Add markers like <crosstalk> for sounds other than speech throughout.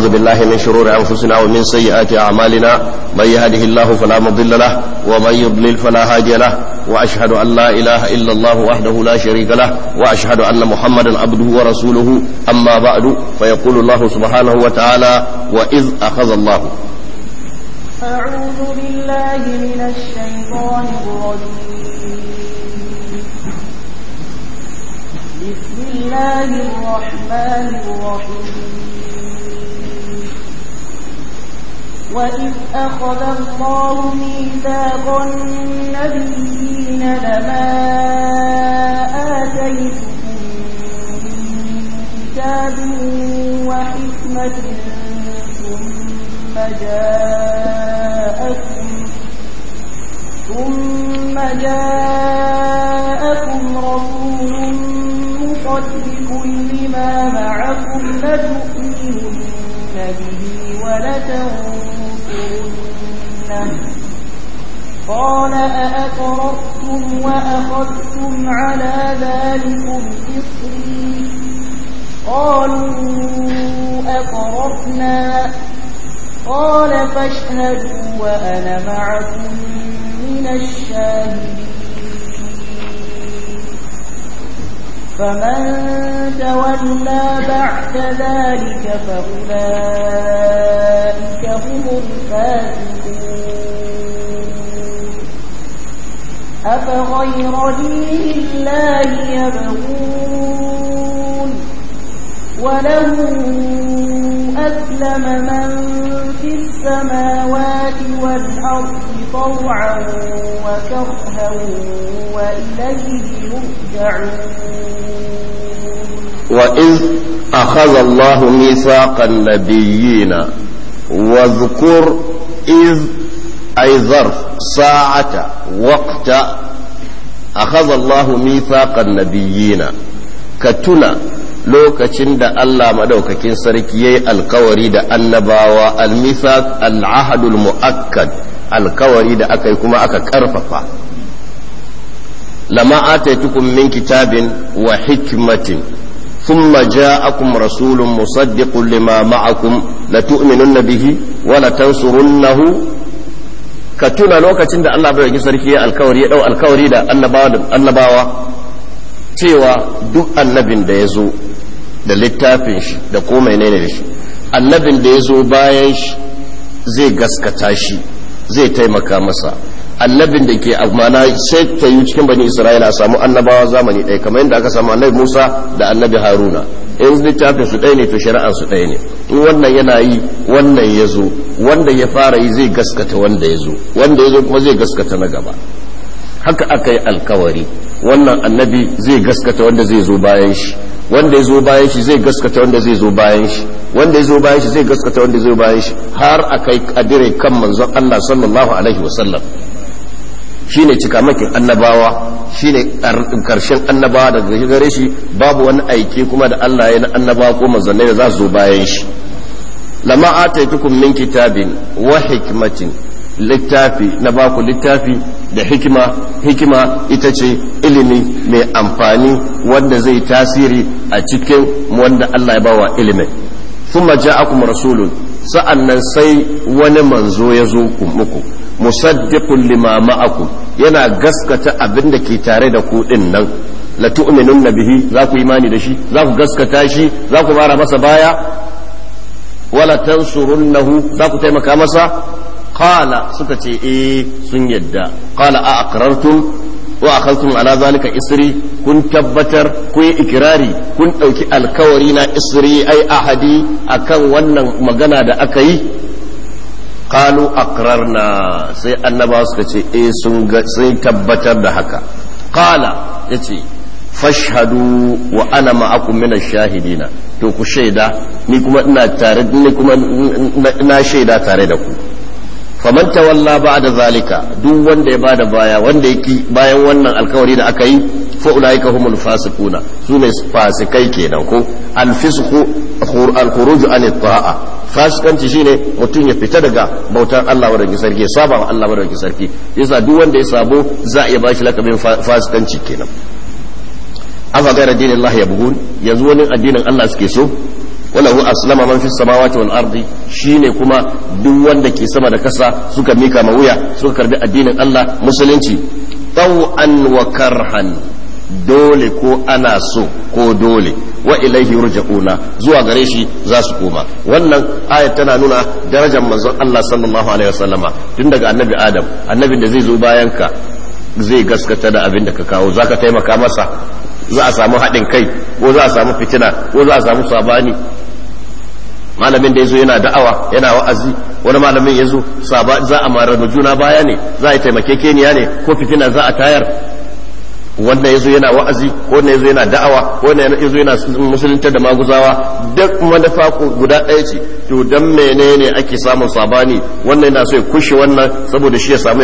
ونعوذ بالله من شرور أنفسنا ومن سيئات أعمالنا من يهده الله فلا مضل له ومن يضلل فلا هادي له وأشهد أن لا إله إلا الله وحده لا شريك له وأشهد أن محمدا عبده ورسوله أما بعد فيقول الله سبحانه وتعالى وإذ أخذ الله أعوذ بالله من الشيطان الرجيم بسم الله الرحمن الرحيم وإذ أخذ الله ميثاق النبيين لما آتيتكم من كتاب وحكمة ثم جاءكم ثم جاءكم رسول مصدق لما معكم لتؤمنون به ولتنصرنه قال أأقررتم وأخذتم على ذلكم إصري قالوا أقررنا قال فاشهدوا وأنا معكم من الشاهدين فمن تولى بعد ذلك فأولئك هم الفاسقون أفغير دين الله يبغون وله أسلم من في السماوات والأرض طوعا وكرها وإليه يرجعون وإذ أخذ الله ميثاق النبيين واذكر إذ أي ظرف ساعة وقت أخذ الله ميثاق النبيين كتنا lokacin da Allah madaukakin sarki yayi alkawari da annabawa al-mithaq al-ahadul muakkad alkawari da aka yi kuma aka karfafa lama ataitukum min kitabin wa hikmatin thumma ja'akum rasulun musaddiqun lima ma'akum latu'minunna bihi wa latansurunnahu ka tuna lokacin da Allah bai sarki ya alkawari ya dau alkawari da annabawa cewa duk annabin da ya da littafin shi da komai ne da shi annabin da yazo bayan shi zai gaskata shi zai taimaka masa annabin da ke amana sai ta yi cikin bani isra'ila a samu annabawa zamani ɗaya kamar yadda aka samu annabi musa da annabi haruna in littafin su ɗaya ne to shari'ar su ɗaya ne in wannan yana yi wannan ya zo wanda ya fara yi zai gaskata wanda ya zo wanda ya zo kuma zai gaskata na gaba haka aka yi alkawari wannan annabi zai gaskata wanda zai zo bayan shi wanda ya zo bayan shi zai gaskata wanda zai zo bayan shi wanda ya zo bayan shi zai gaskata wanda zai bayan shi har a kai kadire kan manzon Allah sallallahu alaihi wasallam shine cikamakin annabawa shine karshen annabawa daga gare shi babu wani aiki kuma da Allah ya na annabawa ko manzon da za su zo bayan shi lama ataitukum min kitabin wa hikmatin littafi na baku littafi da hikima hikima ita ce ilimi mai amfani wanda zai tasiri a cikin wanda Allah ya bawa ilimin thumma akum rasulun sa'annan sai wani manzo ya zo muku musaddiqun lima ma'akum yana gaskata abin da ke tare da ku din nan la tu'minunna bihi za ku imani da shi za ku gaskata shi za ku mara masa baya wala tansurunnahu za ku taimaka masa kala suka ce e sun yadda qala a aqrartum ala zalika isri kun tabbatar kuyi yi ikirari kun dauki alkawari na isri ai ahadi akan wannan magana da aka yi kalu akrarna sai annaba suka ce eh sun tabbatar da haka kala yace fashhadu wa ana ma'akum min ash-shahidina to ku shaida ni kuma ina tare ni kuma ina shaida tare da ku faman tawalla da zalika duk wanda ya bada baya wanda ya yake bayan wannan alkawari da aka yi fa ulaika humul fasiquna sune fasikai kenan ko al fisqu al khuruju an ta'a fasikanci shine mutum ya fita daga bautar Allah wadda sarki saba wa Allah wadda sarki yasa duk wanda ya sabo za a iya bashi lakabin fasikanci kenan afa gaira Allah ya bugun yanzu wani addinin Allah suke so walahu aslama man fi samawati wal ardi shine kuma duk wanda ke sama da kasa suka mika ma wuya suka karbi addinin Allah musulunci taw'an wa karhan dole ko ana so ko dole wa ilaihi yurja'una zuwa gare shi za su koma wannan ayat tana nuna darajar manzon Allah sallallahu alaihi wasallama tun daga annabi Adam annabin da zai zo bayan ka zai gaskata da abin da ka kawo zaka taimaka masa za a samu haɗin kai ko za a samu fitina ko za a samu sabani malamin da ya zo yana da'awa yana wa'azi wani malamin ya zo za a marar juna baya ne za a taimake keniya ne ko fitina za a tayar ya zo yana wa'azi ko wanda ya zo yana da'awa ko wanda ya zo yana musulunta da maguzawa duk manufa guda ɗaya ce to dan menene ake samun sabani wannan yana so ya kushe wannan saboda shi ya samu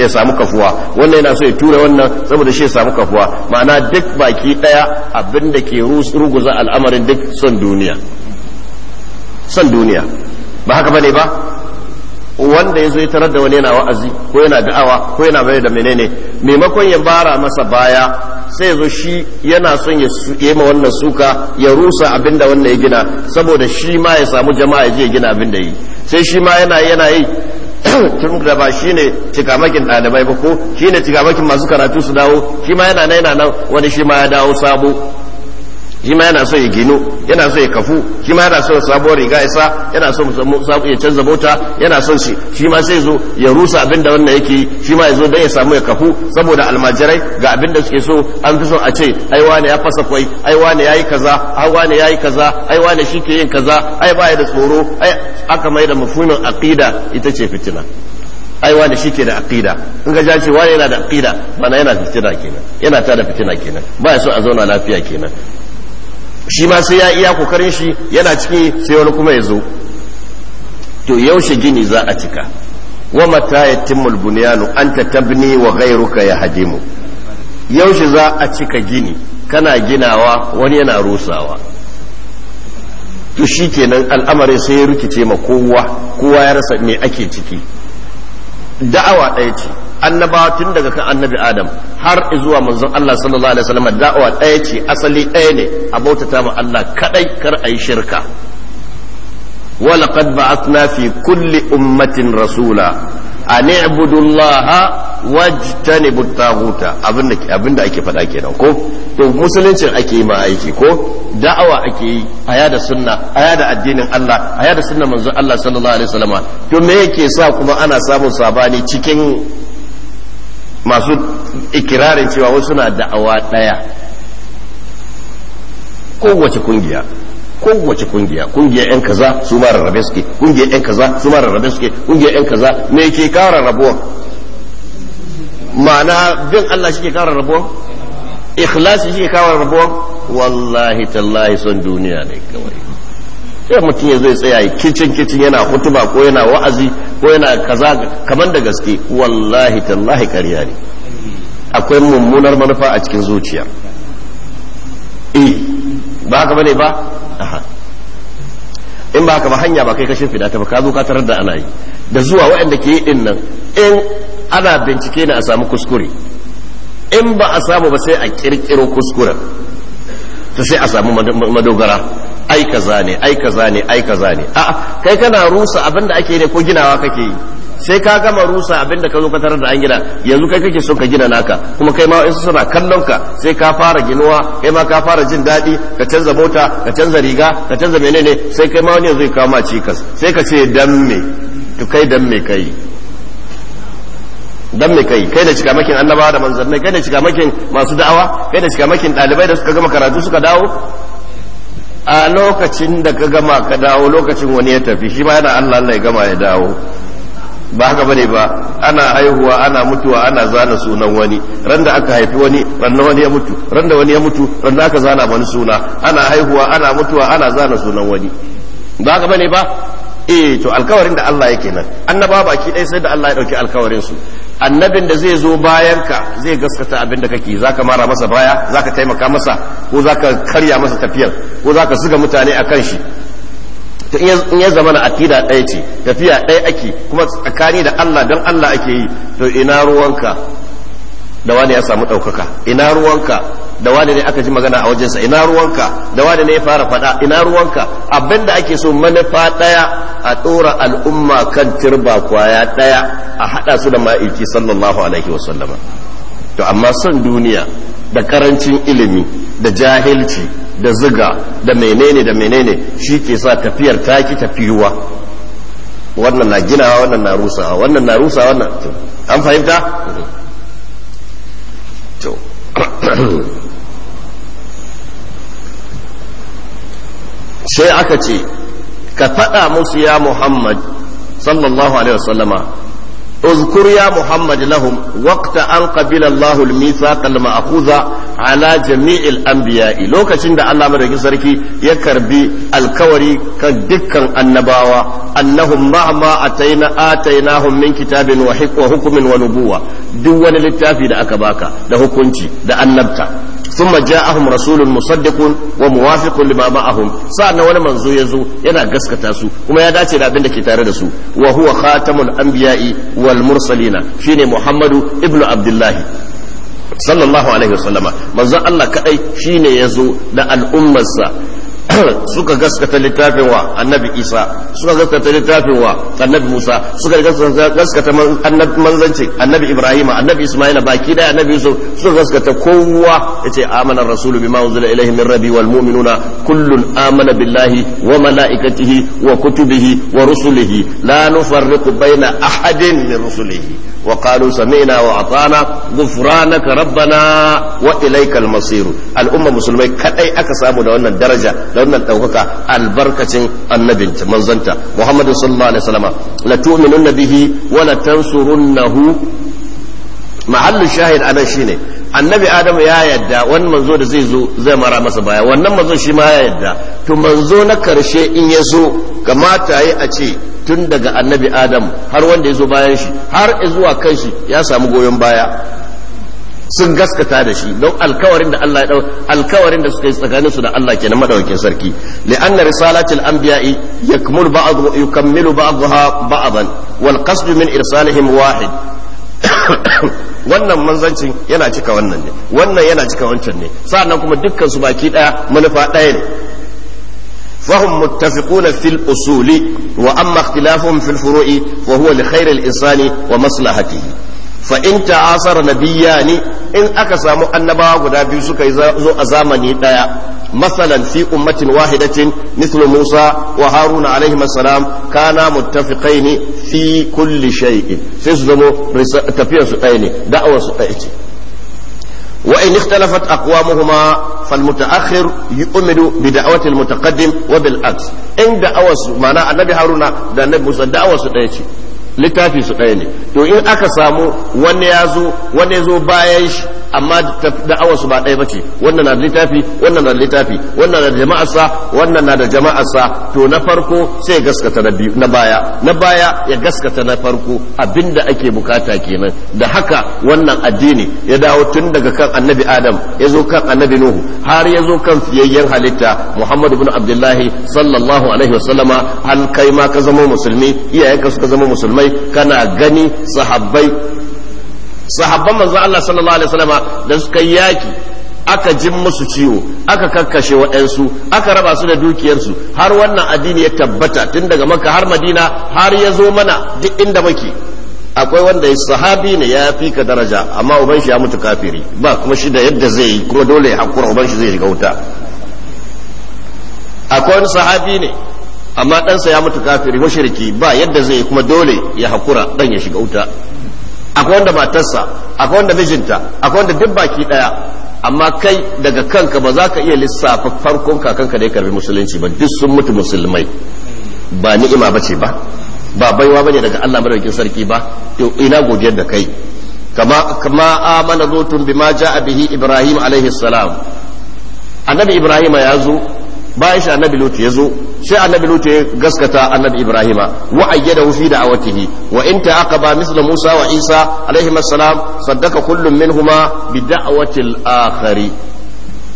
ya samu kafuwa wannan yana so ya tura wannan saboda shi ya samu kafuwa ma'ana duk baki ɗaya abinda ke ruguza al'amarin duk son duniya son duniya ba haka bane ba wanda ya zo ya tarar da wani yana wa'azi ko yana da'awa ko yana bai da menene maimakon ya bara masa baya sai ya zo shi yana son ya yi ma wannan suka ya rusa abinda da wannan ya gina saboda shi ma ya samu jama'a ya je gina abin da yi sai shi ma yana yana yi <clears throat> tun da ba shi ne cikamakin ɗalibai ba ko shi ne cikamakin masu karatu su dawo shi ma yana nan yana nan wani shi ma ya dawo sabo shi ma yana so ya gino yana so ya kafu shi ma yana so ya sabuwar riga isa yana so ya canza mota yana son shi shi ma sai zo ya rusa abin da wannan yake yi shi ma ya zo don ya samu ya kafu saboda almajirai ga abin da suke so an fi so a ce ai wane ya fasa kwai ai wane yayi kaza ai wane yayi kaza ai wane shi ke yin kaza ai baya da tsoro ai aka mai da mafunin aqida ita ce fitina ai wani shi ke da aqida in ga jace wani yana da aqida mana yana fitina kenan yana ta da fitina kenan ba ya so a zauna lafiya kenan shi ma sai ya iya kokarin shi yana ciki sai wani kuma ya zo to yaushe gini za a cika wa mata ya buniyanu an ta tabni wa gairuka ya hadimu yaushe za a cika gini kana ginawa wani yana rusawa to shi kenan al'amarin sai ya rikice ma kowa kowa ya rasa me ake ciki da'awa ɗaya ce annabatun daga kan annabi adam har zuwa manzon Allah sallallahu alaihi wasallam da'awa ɗaya ce asali ɗaya ne a bautata ma Allah kadai kar ayi shirka walaqad ba'athna fi kulli ummatin rasula an i'budu Allah wajtanibu at abinda abinda ake faɗa kenan ko to musulunci ake yi ma aiki ko da'awa ake yi aya da sunna aya da addinin Allah aya da sunna manzon Allah sallallahu alaihi wasallam to me yake sa kuma ana samun sabani cikin masu ikirarin cewa wasu na da'awa ɗaya kowace kungiya kowace kungiya kungiya yan kaza su ma rarrabe suke kungiya yan kaza su ma rarrabe suke kungiya yan kaza me ke kara rabuwa ma'ana bin Allah shi ke kara rabuwa ikhlasi shi ke kara rabuwa wallahi tallahi son duniya ne kawai sai mutum ya zai tsaya kicin kicin yana hutuba ko yana wa'azi ko yana kaza kaman da gaske wallahi tallahi kariya ne akwai mummunar manufa a cikin zuciya eh ba haka bane ba aha in ba haka ba hanya ba kai kashin fidata ba ka zo ka tarar da ana yi da zuwa waɗanda ke yi din nan in ana bincike ne a samu kuskure in ba a samu ba sai a kirkiro kuskuren ta sai a samu madogara Aika zane aika zane aika zane a a'a kai kana rusa abin da ake ne ko ginawa kake yi sai ka gama rusa abin da ka zo ka tarar da an gina yanzu kai kake son ka gina naka kuma kai ma wasu suna kallon ka sai ka fara ginuwa kai ma ka fara jin daɗi ka canza mota ka canza riga ka canza menene sai kai ma wani yanzu kawo ma cikas sai ka ce dan me to kai dan me kai dan me kai kai da cikamakin annabawa da manzannai kai da cikamakin masu da'awa kai da cikamakin ɗalibai da suka gama karatu suka dawo a lokacin da ka gama ka dawo lokacin wani ya tafi shi ba yana Allah Allah ya gama ya dawo ba haka bane ba ana haihuwa ana mutuwa ana zana sunan wani ran da aka haifi wani ran wani ya mutu ran da wani ya mutu ran da aka zana wani suna ana haihuwa ana mutuwa ana zana sunan wani ba haka bane ba eh to alkawarin da Allah yake nan annaba baki dai sai da Allah ya dauki alkawarin su annabin da zai zo bayanka zai gaskata abin da kake zaka mara masa baya zaka taimaka masa ko zaka karya masa tafiyar ko zaka suga mutane akan shi to in ya zama na akida ɗaya ce tafiya ɗaya ake kuma tsakani da Allah don Allah ake yi to ina ruwanka da wani ya samu ɗaukaka ina ruwanka da wani ne aka ji magana a wajensa ina ruwanka da wani ne ya fara faɗa ina ruwanka abinda ake so manufa ɗaya a ɗora al'umma kan turba kwaya ɗaya a haɗa su da ma'aiki sallallahu alaihi wasallama to amma son duniya da karancin ilimi da jahilci da ziga da menene da menene shi ke sa tafiyar taki tafiyuwa wannan na ginawa wannan na rusawa wannan na rusawa wannan an fahimta sai aka ce ka faɗa musu ya muhammad sallallahu alaihi wasallama اذكر يا محمد لهم وقت أن قبل الله الميثاق المأخوذ على جميع الأنبياء لو كتند الله مرحبا سركي يكربي الكوري كدكا النباوة أنهم مع ما أتينا آتيناهم من كتاب وحكم ونبوة دون للتافي دا أكباكا دا هكونتي دا النبتا thumma ja'ahum rasulun musaddiqun wa muwafiqun lima ma'ahum na wani manzo ya zo yana gaskata su kuma ya dace da abinda ke tare da su wa huwa khatamul anbiya'i wal mursalina shine muhammadu ibnu abdullahi sallallahu alaihi wasallama manzon Allah kadai shine yazo da al'ummarsa <clears throat> suka gaskata littafin wa annabi isa suka gaskata littafin wa annabi musa suka gaskata manzanci annabi ibrahima annabi ismaila baki da annabi yusuf suka gaskata kowa yace amana rasulu bima unzila ilaihi min rabbi wal mu'minuna kullun amana billahi wa malaikatihi wa kutubihi wa rusulihi la nufarriqu baina ahadin min rusulihi وقالوا سمعنا وأطعنا غفرانك ربنا وإليك المصير الأمة مسلمة كأي أكسام لأن الدرجة لأن التوكك البركة النبي منزنت محمد صلى الله عليه وسلم لتؤمنن به ولتنصرنه محل الشاهد أنا شيني annabi adamu ya yadda wani manzo da zai zo zai mara masa baya wannan manzo shi ma ya yadda to manzo na karshe in ya zo kamata yi a ce tun daga annabi adamu har wanda ya zo bayan shi har zuwa kan shi ya samu goyon baya sun gaskata da shi don alkawarin da Allah ya dau alkawarin da suka yi tsakanin su da Allah kenan madaukakin sarki li anna risalatil anbiya'i yakmul ba'd yukammilu ba'daha ba'dan wal qasd min irsalihim wahid <coughs> wannan manzancin yana cika wannan ne wannan yana cika wancan ne sa'annan kuma dukkan su baki daya manufa daya ne فهم متفقون في الأصول وأما اختلافهم في الفروع فهو لخير الإنسان ومصلحته fa in ta'asara nabiyya ne in aka samu annabawa guda biyu suka zo a zamani daya masalan fi ummatin wahidatin mithlu Musa wa Haruna alaihi salam kana muttafiqaini fi kulli shay'in sai su zamo tafiyar su daya ne da'awar su ɗaya ce وإن اختلفت أقوامهما فالمتأخر يؤمن بدعوة المتقدم وبالعكس maana دعوة haruna da هارون musa da'awar su daya ce. littafi su ɗaya ne to in aka samu wani ya zo wani ya zo bayan shi amma da'awar su ba ɗaya ce wannan na da littafi wannan na da littafi wannan na da jama'arsa wannan na da jama'arsa to na farko sai gaskata na biyu na baya na baya ya gaskata na farko abinda ake bukata kenan da haka wannan addini ya dawo tun daga kan annabi adam ya zo kan annabi nuhu har ya zo kan fiyayyen halitta muhammadu bin abdullahi sallallahu alaihi wasallama har kai ma ka zama musulmi iyayenka suka zama musulmai kana gani sahabbai sahabban manzon Allah sallallahu alaihi wasallama da suka yaki aka jin musu ciwo aka kakkashe waɗansu aka raba su da dukiyarsu har wannan addini ya tabbata tun daga maka har madina har ya zo mana duk inda muke akwai wanda ya sahabi ne ya fi ka daraja amma uban shi ya mutu kafiri ba kuma shi da yadda zai yi kuma dole ya hakura uban shi zai shiga wuta akwai wani sahabi ne amma ɗansa ya mutu kafiri mashirki ba yadda zai yi kuma dole ya hakura ɗan ya shiga wuta akwai wanda matarsa akwai wanda mijinta akwai wanda duk baki daya amma kai daga kanka ba za ka iya lissafa farkon kakanka da ya karbi musulunci ba duk sun mutu musulmai ba ni'ima ba ce ba ba baiwa bane daga Allah madaukakin sarki ba to ina godiyar da kai kama kama amana zutun bima ja'a bihi ibrahim alaihi salam annabi ibrahim ya zo bayan shi annabi lutu ya zo sai annabi lutu ya gaskata annabi ibrahima wa ayyada fi da'awatihi wa in ta'aqaba misla musa wa isa alaihi assalam saddaka kullum minhuma bi da'awati al-akhari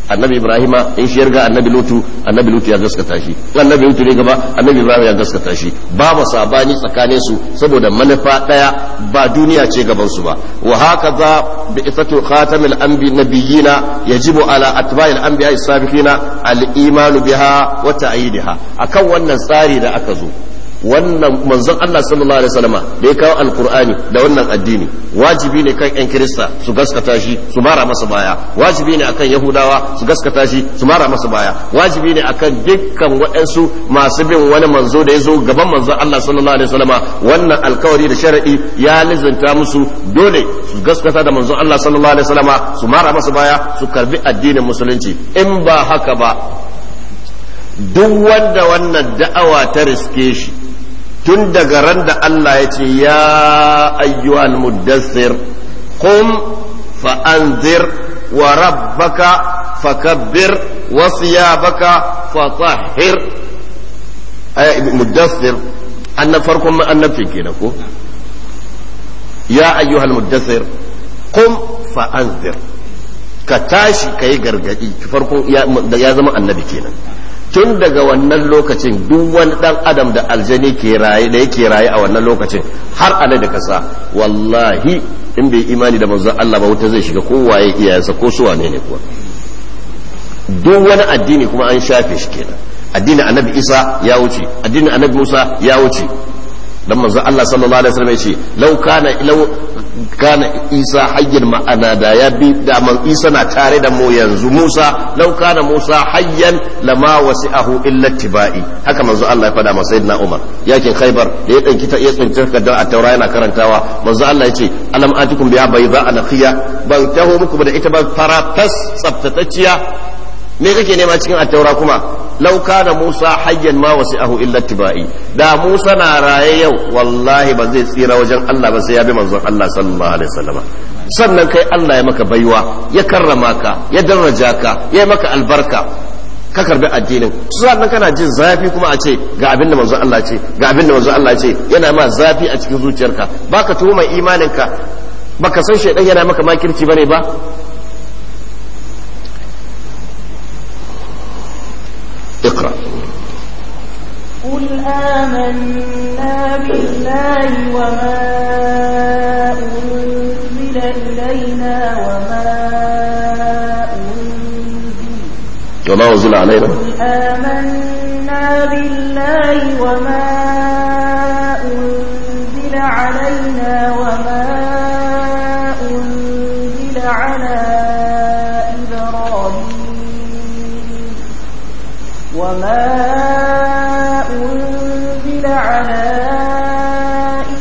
annabi ibrahima in shi yarga annabi lutu annabi lutu ya gaskata shi annabi lutu ne gaba annabi ibrahim ya gaskata shi babu sabani tsakanin su saboda manufa daya ba duniya ce gaban su ba wa hakaza bi ifatu khatamil anbi nabiyina yajibu ala atba'il anbiya as-sabiqina al imanu biha wa ta'yidiha akan wannan tsari da aka zo wannan manzon Allah sallallahu alaihi wasallama da ya kawo alkur'ani da wannan addini wajibi ne kan yan kirista su gaskata shi su mara masa baya wajibi ne akan yahudawa su gaskata shi su mara masa baya wajibi ne akan dukkan waɗansu masu bin wani manzo da ya zo gaban manzon Allah sallallahu alaihi wasallama wannan alkawari da sharadi ya lizanta musu dole su gaskata da manzon Allah sallallahu alaihi wasallama su mara masa baya su karbi addinin musulunci in ba haka ba duk wanda wannan da'awa ta riske shi tun daga ran da Allah ya ce ya ayyuhal muddassir qum fa anzir wa rabbaka fakabbir wa siyabaka fatahhir ay muddassir annab farkon man ma annabci kenan ko ya ayyuhal muddassir qum fa anzir ka tashi kai gargadi farkon ya zama annabi kenan tun daga wannan lokacin duk wani dan adam da aljani ke raye da yake raye a wannan lokacin har a da kasa wallahi in bai imani da manzon Allah ba wuta zai shiga ko waye iyayensa ko su wane ne kuwa duk wani addini kuma an shafe shi kenan addinin annabi Isa ya wuce addinin annabi Musa ya wuce dan manzon Allah sallallahu alaihi wasallam yace law kana law kana Isa hayyan ma'ana da ya bi da man Isa na tare da mu yanzu Musa law kana Musa hayyan lama wasi'ahu illa tibai haka manzon Allah ya fada ma sayyidina Umar yakin Khaibar da ya danki ta ya tsinci kaddar a Taura yana karantawa manzon Allah yace alam atikum biya bayza alaqiya ban taho muku da ita ba faratas tsaftatacciya me kake nema cikin at-taura kuma Lauka da Musa hayyan ma wasi'ahu illa tibai da Musa na raye yau wallahi ba zai tsira wajen Allah ba sai ya bi manzon Allah sallallahu alaihi sannan kai Allah ya maka baiwa ya karrama ka ya daraja ka ya maka albarka ka karbi addinin sannan kana jin zafi kuma a ce ga abin da manzo Allah ce ga abin da manzo Allah ce yana ma zafi a cikin zuciyarka baka tuhuma imaninka baka san shaidan yana maka makirci bane ba اقرأ قل آمنا بالله وما أنزل إلينا وما أنزل وما أنزل علينا قل آمنا بالله وما أنزل علينا وما أنزل وما أنزل على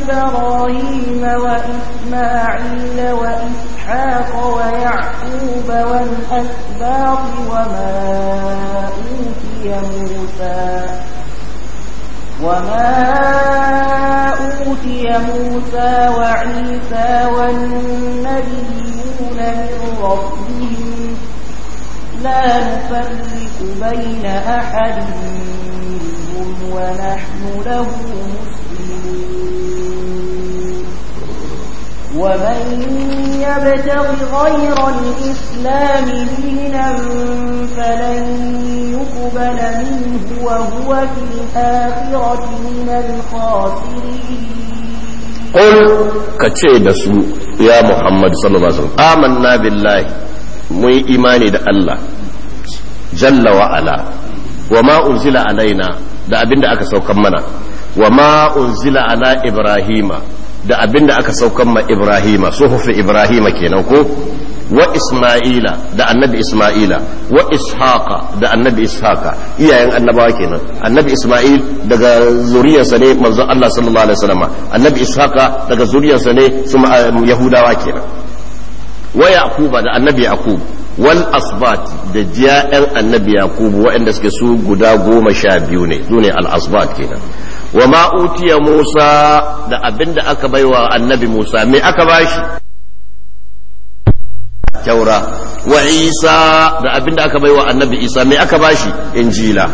إبراهيم وإسماعيل وإسحاق ويعقوب والأسباط وما أوتي موسى وما أوتي موسى وعيسى والنبيون من ربهم لا نفرق بين أحد منهم ونحن له مسلمون ومن يبتغ غير الإسلام دينا فلن يقبل منه وهو في الآخرة من الخاسرين قل كتشي دسو يا محمد صلى الله عليه وسلم آمنا بالله mun yi imani da Allah jalla wa ala wa ma unzila alaina da abinda aka saukan mana wa ma unzila ala ibrahima da abinda aka saukan ma ibrahima suhufi ibrahima kenan ko wa isma'ila da annabi isma'ila wa ishaqa da annabi ishaqa iyayen annabawa kenan annabi isma'il daga zuriyarsa ne manzon Allah sallallahu alaihi wasallam annabi ishaqa daga zuriyarsa ne su um, yahudawa kenan wa yakuba da annabi yakub wal asbat da jiyan annabi yaqub waɗanda suke su guda goma sha biyu ne su ne al asbat kenan wa ma utiya musa da abinda aka baiwa annabi musa me aka bashi taura wa isa da abinda aka baiwa annabi isa mai aka bashi injila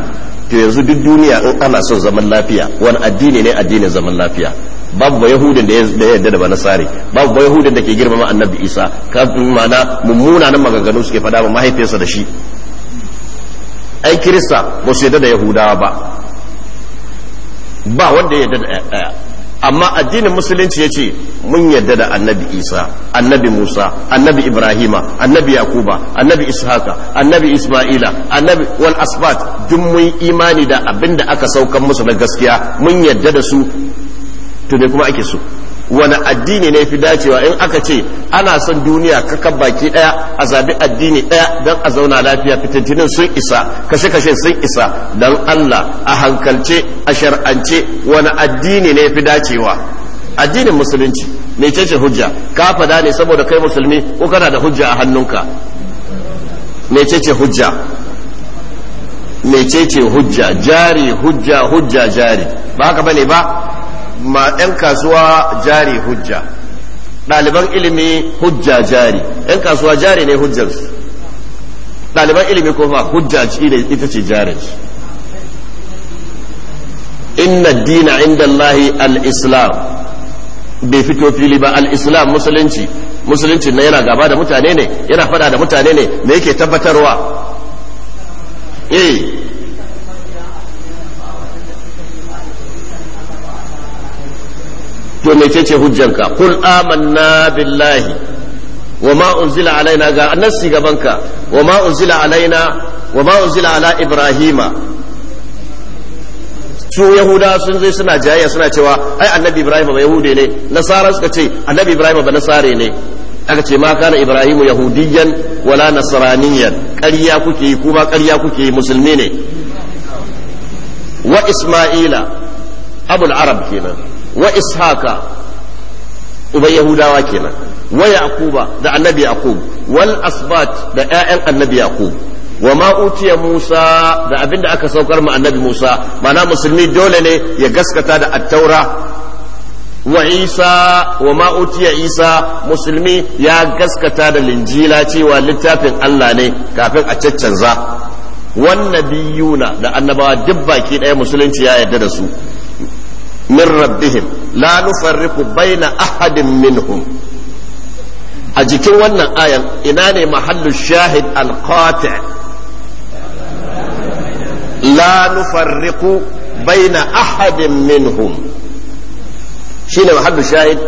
to yanzu duk duniya in ana son zaman lafiya wani addini ne addinin zaman lafiya babu ba yahudin da ya yadda da sare babu ba yahudin da ke girmama annabi isa kafin mana mummuna nan maganganu suke fada ma mahaifiyarsa da shi ai kirista ba su yadda da yahudawa ba ba wanda ya yarda da eh, eh, amma addinin musulunci ya ce mun yarda da annabi isa annabi musa annabi ibrahima annabi yakuba annabi ishaka annabi isma'ila annabi wal asbat duk mun imani da abinda aka saukan musu na gaskiya mun yarda da su to kuma ake so wani addini ne fi dacewa in aka ce ana son duniya kan baki daya a zabi addini daya don a zauna lafiya fitintinin sun isa kashe-kashe sun isa don Allah a hankalce a shar'ance wani addini ne fi dacewa addinin musulunci mecece hujja ka fada ne saboda kai musulmi ko kana da hujja a hannunka mecece hujja mecece hujja jari hujja hujja jari ba haka bane ba ma 'yan kasuwa jari hujja ɗaliban ilimi hujja jari 'yan kasuwa jari ne hujjarsu ɗaliban ilimi ko kuma hujja ita ce jarinsu inna dina inda Allahi al-islam bai fito fili ba al-islam musulunci musulunci na yana gaba da mutane ne yana fada da mutane ne me yake tabbatarwa eh to mecece hujjanka kul amanna billahi wa ma unzila alaina ga annasi gabanka wa ma unzila alaina wa ma unzila ala ibrahima su yahuda sun zai suna jayayya suna cewa ai annabi ibrahim ba yahude ne nasara suka ce annabi ibrahim ba nasare ne aka ce ma kana ibrahim yahudiyan wala nasraniyan ƙarya kuke yi kuma ƙarya kuke yi musulmi ne wa isma'ila abul arab kenan wa ishaqa uban yahudawa kenan wa yaquba da annabi yaqub wal asbat da ƴaƴan annabi yaqub wa ma utiya musa da abinda aka saukar ma annabi musa mana musulmi dole ne ya gaskata da attaura wa isa wa ma utiya isa musulmi ya gaskata da linjila cewa littafin allah ne kafin a caccanza wannabiyuna da annabawa duk baki ɗaya musulunci ya yarda da su min rabbihim la nufarriqu baina ahadin minhum a jikin wannan ayan ina ne mahallu shahid alqati la nufarriqu baina ahadin minhum shine mahallu shahid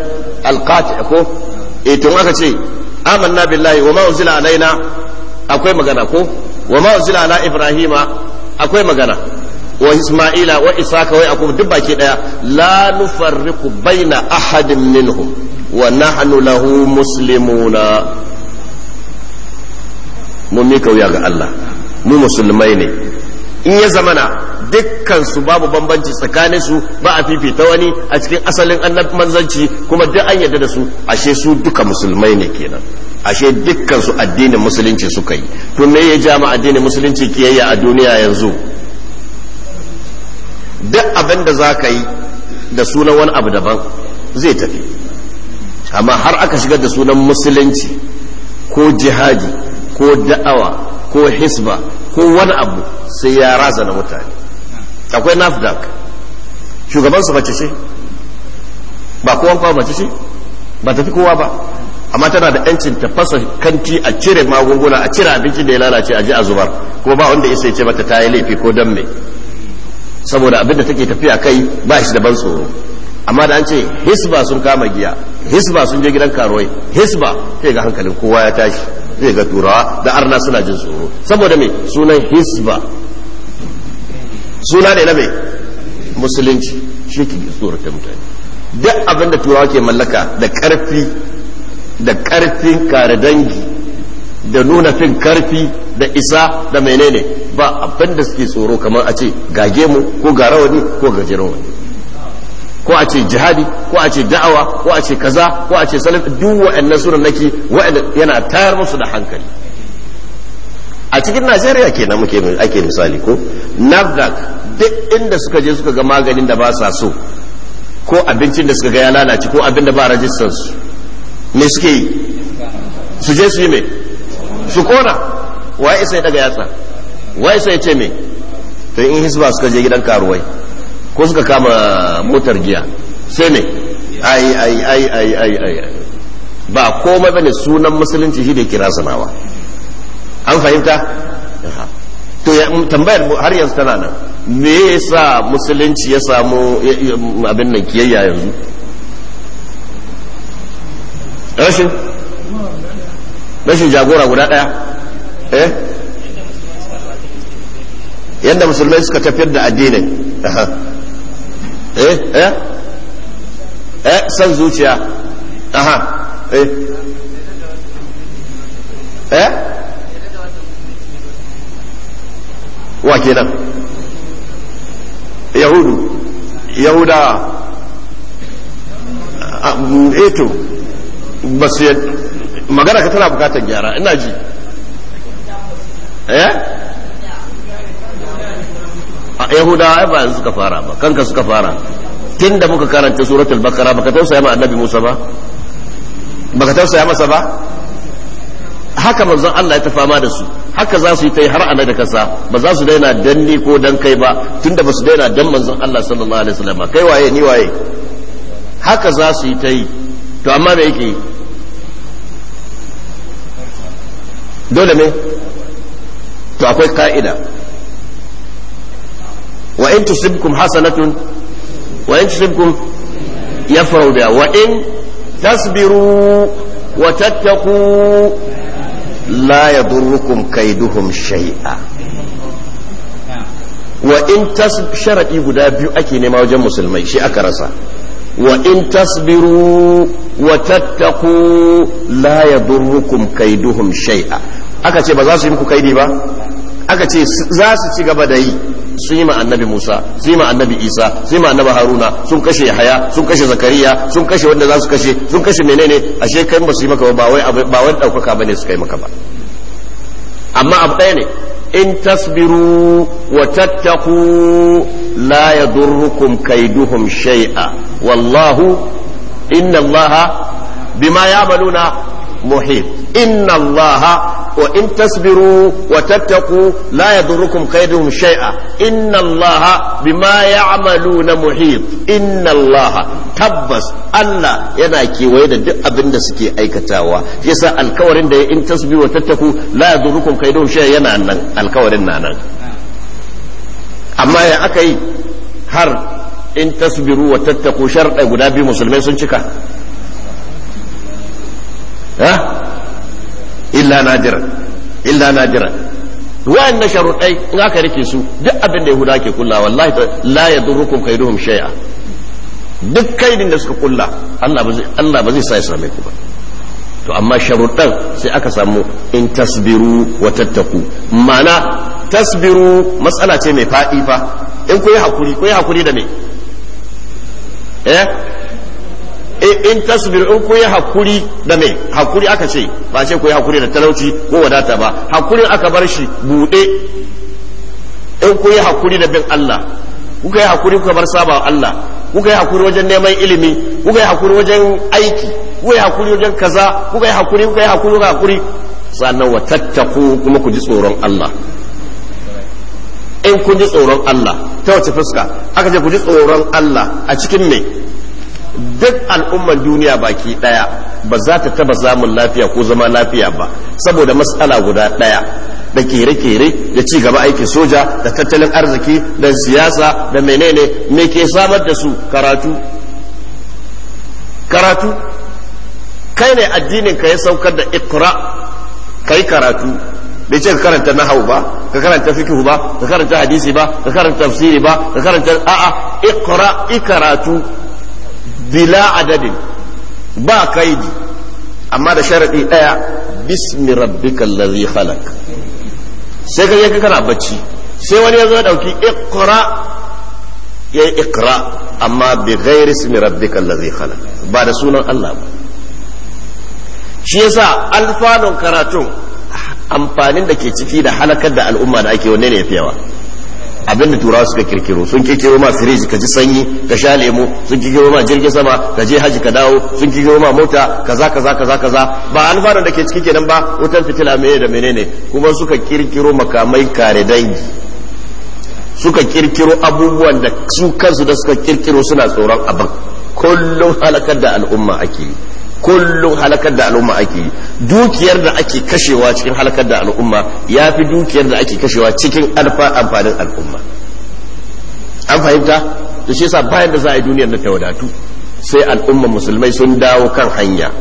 alqati ko eh tun aka ce amanna billahi wa ma unzila alaina akwai magana ko wa ibrahima akwai magana wa isma'ila wa isaka wa yaqub duk baki daya la nufarriqu baina ahadin minhum wa nahnu lahu muslimuna mun mika wuya ga Allah mu musulmai ne in ya zamana dukkan su babu bambanci tsakanin su ba a fifita wani a cikin asalin annab manzanci kuma duk an yarda da su ashe su duka musulmai ne kenan ashe dukkan su addinin musulunci suka yi to me ya ja addinin musulunci kiyayya a duniya yanzu duk abin da za ka yi da sunan wani abu daban zai tafi amma har aka shigar da sunan musulunci ko jihadi ko da'awa ko hisba ko wani abu sai ya raza na mutane akwai nafdak shugabansu mace ce ba kowa kwa mace ce ba tafi kowa ba amma tana da yancin ta fasa kanti a cire magunguna a cire abinci da ya lalace a ji a zubar kuma ba wanda isa ce mata ta yi laifi ko don mai saboda abin da take tafiya kai ba shi da ban tsoro amma da an ce hisba sun kama giya hisba sun je gidan karuwai hisba sai ga hankalin kowa ya tashi zai ga turawa da arna suna jin tsoro saboda mai sunan hisba suna ne na mai musulunci shi ke ta mutane duk abin da turawa ke mallaka da karfi da karfin kare dangi da nuna fin karfi da isa da menene ba abin da suke tsoro kamar a ce gage mu ko ga rawani ko gajeren wani ko a ce jihadi ko a ce da'awa ko a ce kaza ko a ce salaf duk wa'annan sunan nake yana tayar musu da hankali a cikin najeriya kenan muke ake misali ko nafdac duk inda suka je suka ga maganin da ba sa so ko abincin da suka ga ya lalace ko abin da ba rajistan su me suke yi su je su yi mai su kona wa isa ya daga yatsa wa isa ya ce me to in hisba suka je gidan karuwai ko suka kama motar giya sai me ai ai ai ai ai ai ba komai bane sunan musulunci shi da kira sanawa an fahimta to tambayar har yanzu tana nan me yasa musulunci ya samu abin nan kiyayya yanzu rashin rashin jagora guda ɗaya eh yadda musulmai suka tafiyar da addinin eh eh eh san zuciya aha eh eh wa kenan yahudu yahuda ah, mm, eto eh ba magana ka tana bukatar gyara ina ji eh a yahudawa ai ba yanzu ka fara ba kanka suka fara tun da muka karanta suratul bakara baka tausaya ma annabi musa ba baka tausaya masa ba haka manzon Allah ya ta fama da su haka za su yi ta yi har ana da kasa ba za su daina dan ni ko dan kai ba tunda ba su daina dan manzon Allah sallallahu alaihi wasallam kai waye ni waye haka za su yi ta yi to amma me yake yi dole ne to akwai ka'ida wa in tusibkum hasanatun wa in tusibkum yafrau biha wa in tasbiru wa tattaqu la yadurrukum kaiduhum shay'a wa in tasb sharadi guda biyu ake nema wajen musulmai shi aka rasa وإن تصبروا وتتقوا لا يضركم كيدهم شيئا aka ce ba za su yi muku kaidi ba aka ce za su ci gaba da yi sun yi ma annabi musa sun yi ma annabi isa sun yi ma annabi haruna sun kashe haya sun kashe zakariya sun kashe wanda za su kashe sun kashe menene ashe kai ba su yi maka ba wai ba wai daukaka bane maka ba amma abu ɗaya ne in tasbiru wa tattaku la yadurrukum kaiduhum shay'a wallahu inna allaha bima ya'maluna muhit inna allaha وإن تصبروا وتتقوا لا يضركم كيدهم شيئا إن الله بما يعملون محيط إن الله تبس الله يناكي ويدا دق أبن سكي أي كتاوى يسا الكورين دي إن تصبروا وتتقوا لا يضركم كيدهم شيئا ينا الكورين نانا أما يا أكي هر إن تصبروا وتتقوا شرط أبو نبي مسلمين سنشكا illa nadira illa nadira wa'an na sharuɗai in aka rike su duk abin da yahuda ke kulla wallahi la yadurrukum kaiduhum shay'a duk kaidin da suka kulla Allah ba zai Allah ba zai sa ya same ku ba to amma sharuɗan sai aka samu in tasbiru wa tattaku ma'ana tasbiru matsala ce mai faɗi fa in ku yi hakuri ku yi hakuri da me eh Eh, in tasbir in ku yi hakuri da mai hakuri aka ce ba ce ku yi hakuri da talauci ko wadata ba hakurin aka bar shi bude in ku yi hakuri da bin Allah kuka yi hakuri kuka bar saba Allah kuka yi hakuri wajen neman ilimi kuka yi hakuri wajen aiki kuka yi hakuri wajen kaza kuka yi hakuri kuka yi hakuri kuka hakuri sannan wa tattaku kuma ku ji tsoron Allah in kun ji tsoron Allah ta wace fuska aka ce ku ji tsoron Allah a cikin me duk al'umman duniya baki daya ba za ta taba samun lafiya ko zama lafiya ba saboda matsala guda daya da kere-kere da ci gaba aikin soja da tattalin arziki da siyasa da menene me ke samar da su karatu karatu kai ne addinin ka ya saukar da ikra kai karatu bai ce ka karanta nahau ba ka karanta fikihu ba ka karanta hadisi ba ka karanta tafsiri ba ka karanta a'a ikra ikaratu bila adadin ba kaidi amma da sharadi daya bismi rabbikal ladhi khalaq sai ka je kana bacci sai wani ya zo dauki iqra ya iqra amma bi ghairi ismi rabbikal ladhi khalaq ba da sunan Allah ba shi yasa alfanun karatun amfanin da ke ciki da halakar da al'umma da ake wanne ne yafi yawa Abin da turawa suka kirkiro sun kirkiro ma firiji ka ji sanyi ka sha lemo sun kirkiro ma jirgin sama ka je haji ka dawo sun kirkiro ma mota kaza kaza kaza kaza ba alfarin da ke ciki kenan ba wutan fitila meye da menene kuma suka kirkiro makamai kare dangi suka kirkiro abubuwan da su kansu da suka kirkiro suna tsoron abin kullum halakar da al'umma ake yi kullum halakar da al'umma ake yi dukiyar da ake kashewa cikin halakar da al'umma ya fi dukiyar da ake kashewa cikin amfanin al'umma an fahimta to shi yasa bayan da za a yi duniyar da ta wadatu sai al'umma musulmai sun dawo kan hanya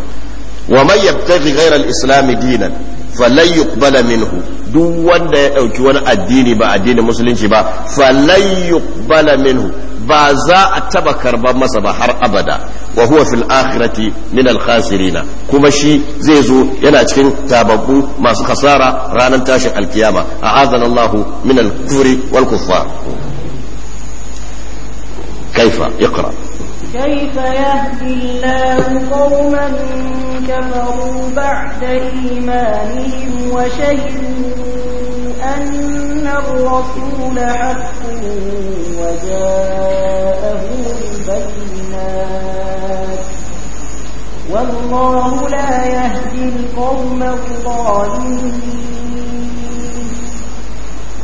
wa man yabtaghi ghayra al-islam dinan falan yuqbala minhu duk wanda ya dauki wani addini ba addinin musulunci ba falan yuqbala minhu ba za a taba karban masa ba har abada wa huwa fil akhirati min al khasirina kuma shi zai zo yana cikin tababbu masu khasara ranar tashin alkiyama a Allah min al kufri wal kuffar kaifa iqra كيف يهدي الله قوما كفروا بعد إيمانهم وشهدوا أن الرسول حق وجاءه البينات والله لا يهدي القوم الظالمين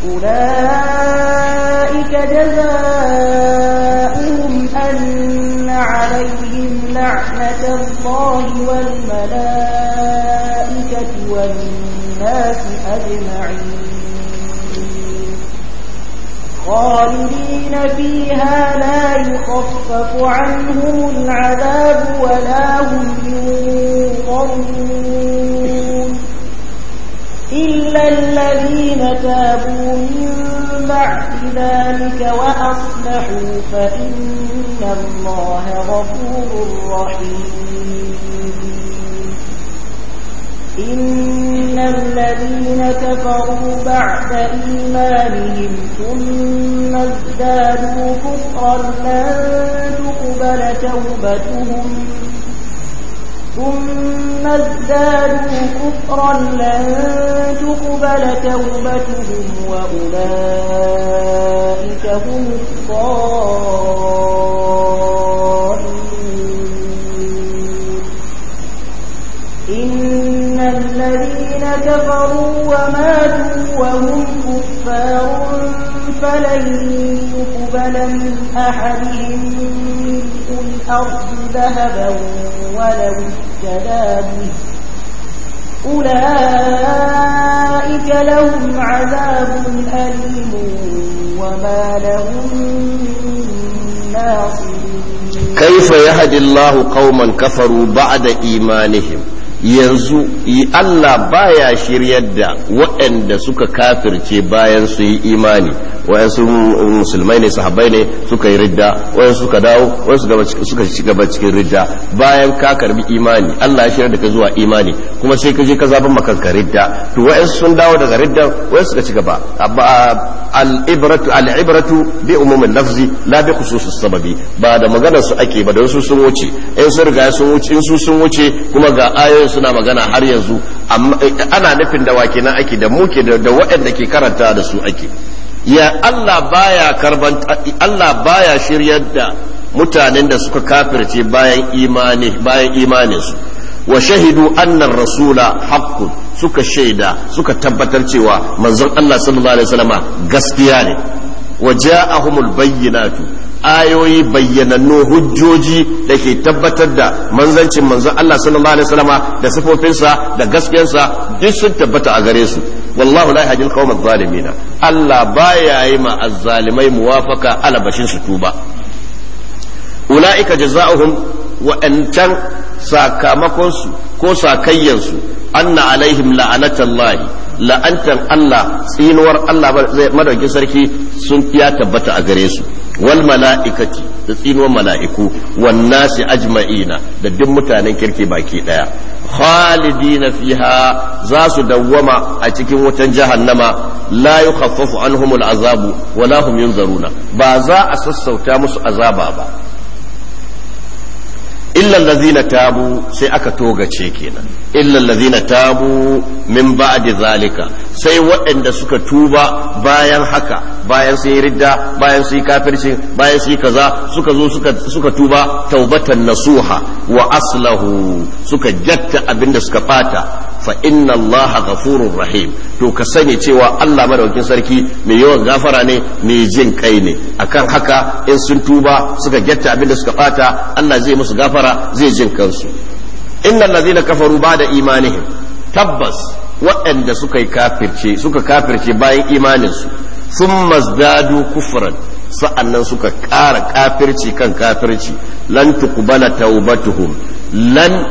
أولئك جزاؤهم أن عليهم لعنة الله والملائكة والناس أجمعين خالدين فيها لا يخفف عنهم العذاب ولا هم ينظرون إلا الذين تابوا من بعد ذلك وأصلحوا فإن الله غفور رحيم إن الذين كفروا بعد إيمانهم ثم ازدادوا كفرا لن تقبل توبتهم ثم ازدادوا كفرا لن تقبل توبتهم وأولئك هم الضالين إن الذين كفروا وماتوا وهم كفار فلن يقبل من أحدهم ملء الأرض ذهبا ولو اهتدى به أولئك لهم عذاب أليم وما لهم ناصرين كيف يهدي الله قوما كفروا بعد إيمانهم yanzu yi Allah baya shiryar da waɗanda suka kafirce bayan su yi imani waɗansu musulmai ne sahabbai ne suka yi ridda waɗansu suka dawo waɗansu suka ci gaba cikin ridda bayan ka karbi imani Allah ya shiryar da ka zuwa imani kuma sai ka je ka zaɓi makanka ridda to waɗansu sun dawo daga ridda waɗansu suka ci gaba al-ibratu al-ibratu bi umumin lafzi la bi khususus sababi ba da magana su ake ba da su sun wuce in sun riga sun wuce in su sun wuce kuma ga ayoyin suna magana har yanzu eh, ana nufin da wake na ake da muke da waɗanda ke karanta da su ake ya Allah baya karban Allah baya shiryar da mutanen da suka kafirce bayan imani bayan imanin su wa shahidu anna rasula haqqun suka shaida suka tabbatar cewa manzon Allah sallallahu alaihi wasallama gaskiya ne wa ja'ahumul bayyinatu ayoyi bayyanannu hujjoji da ke tabbatar da manzancin manzan Allah sallallahu alaihi wasallama da sifofinsa da gaskiyarsa duk sun tabbata a gare su wallahu la yahdil qawma adh-dhalimin Allah baya yi ma azzalimai muwafaka alabashin su tuba ulaika jazaohum wa antan sakamakon su ko sakayyan su anna alaihim la'anatallahi la'antan Allah tsinuwar Allah madaukin sarki sun fiya tabbata a gare su wal da tsinuwan mala'iku wannasi ajma'ina da duk mutanen kirki baki ɗaya khalidina fiha za su dawwama a cikin wutan jahannama la yukhaffafu an al azabu wa la hum yunzaruna ba za a sassauta musu azaba ba illa allazina tabu sai aka togace kenan illa na tabu min ba'di zalika sai waɗanda suka tuba bayan haka bayan sun yi ridda bayan sun yi kafirci bayan sun yi kaza suka zo suka suka tuba taubatan nasuha wa aslahu suka jatta abinda suka fata fa inna allaha ghafurur rahim to ka sani cewa Allah madaukin sarki mai yawan gafara ne mai jin kai ne akan haka in sun tuba suka jatta abinda suka fata Allah zai musu gafara zai jin kansu inna allazina kafaru ba'da imanihim tabbas waɗanda suka yi kafirce suka kafirce bayan imaninsu sun mazdadu kufran sa'annan suka ƙara kafirci kan kafirci lan tuqbala taubatuhum lan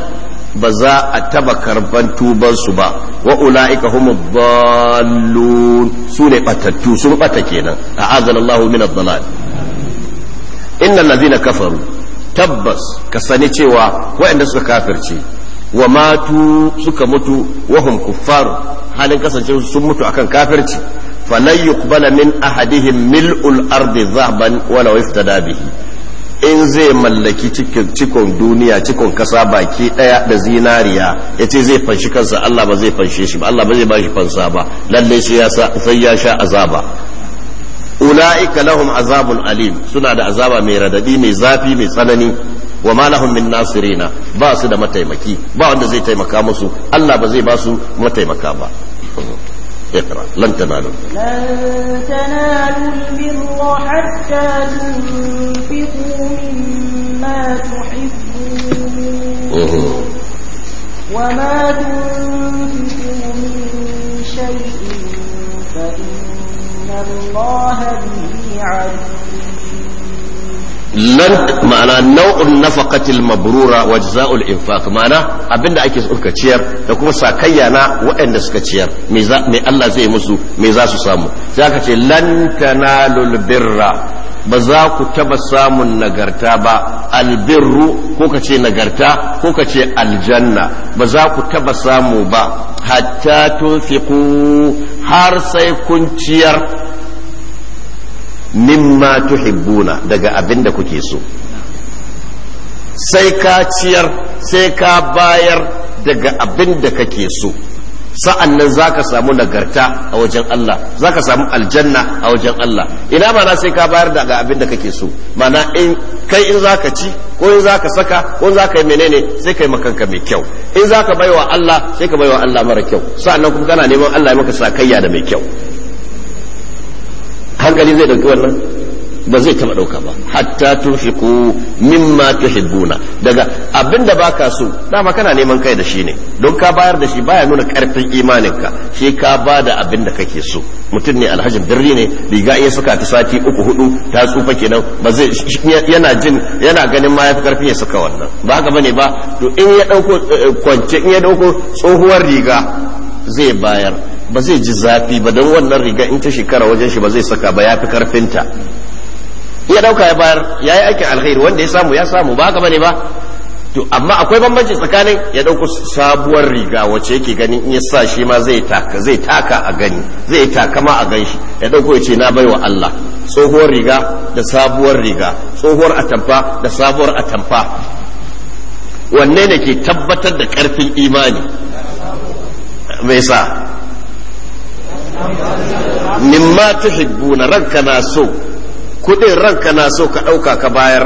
ba za a taba karban tubansu ba wa ula'ika humud dallun su ne batattu sun bata kenan a'azana Allahu min ad-dhalal innal ladzina kafaru tabbas ka sani cewa waɗanda suka kafirce wa matu suka mutu wahum kuffaru halin kasance sun mutu akan kafirci falan yuqbala min ahadihim mil'ul ardi dhahaban wala ta bihi in zai mallaki cikon duniya cikon kasa baki daya da zinariya ya ce zai fanshi kansa Allah ba zai fanshe shi ba Allah ba zai ba shi fansa ba lalle shi ya sai ya sha azaba ula'ika lahum azabun alim suna da azaba mai radadi mai zafi mai tsanani wa ma lahum min nasirina ba su da mataimaki ba wanda zai taimaka musu Allah ba zai ba su mataimaka ba اقرأ لن تنالوا لن تنالوا البر حتى تنفقوا مما تحبون وما تنفقوا من شيء فإن الله به ma'ana nau'un nafaqatil mabrura wa jaza'ul infaq ma'ana abinda ake suka ciyar da kuma sakayya na waɗanda suka ciyar me Allah zai musu me za su samu sai aka ce lan tanalul birra ba za ku taba samun nagarta ba albirru ko ka ce nagarta ko ka ce aljanna ba za ku taba samu ba hatta tunfiku har sai kun ciyar mimma tuhibbuna daga abin da kuke so sai ka ciyar sai ka bayar daga abin da kake so sa'an nan za ka samu nagarta a wajen Allah za ka samu aljanna a wajen Allah ina mana sai ka bayar da ga abin da kake so mana in kai in za ka ci ko in za ka saka ko in za ka yi menene sai ka yi makanka mai kyau in za ka baiwa Allah sai ka baiwa Allah mara kyau sa'an nan kuma kana neman Allah ya maka sakayya da mai kyau hankali zai dauki ba zai taba dauka ba hatta min mimma tuhibbuna daga abinda baka so dama kana neman kai da shi ne don ka bayar da shi baya nuna karfin imaninka shi ka bada abinda kake so mutum ne alhajin birri ne riga iya suka ta sati uku hudu ta tsufa kenan ba zai yana jin yana ganin ma yafi karfin ya suka wannan ba haka bane ba to in ya dauko eh, kwance in ya dauko tsohuwar riga zai bayar ba zai ji zafi ba don wannan riga in ta shekara wajen shi ba zai saka ba ya fi karfinta ya dauka ya bayar yi aikin alkhairi wanda ya samu ya samu ba ka bane ba to amma akwai bambanci tsakanin ya dauko sabuwar riga wacce yake gani in ya sa shi ma zai taka zai taka a gani zai taka ma a gan shi ya dauko ya ce na baiwa Allah tsohuwar riga da sabuwar riga tsohuwar atamfa da sabuwar atamfa wanne ne ke tabbatar da karfin imani mai sa nimma tuhibbuna ranka na so kudin ranka na so ka ɗauka ka bayar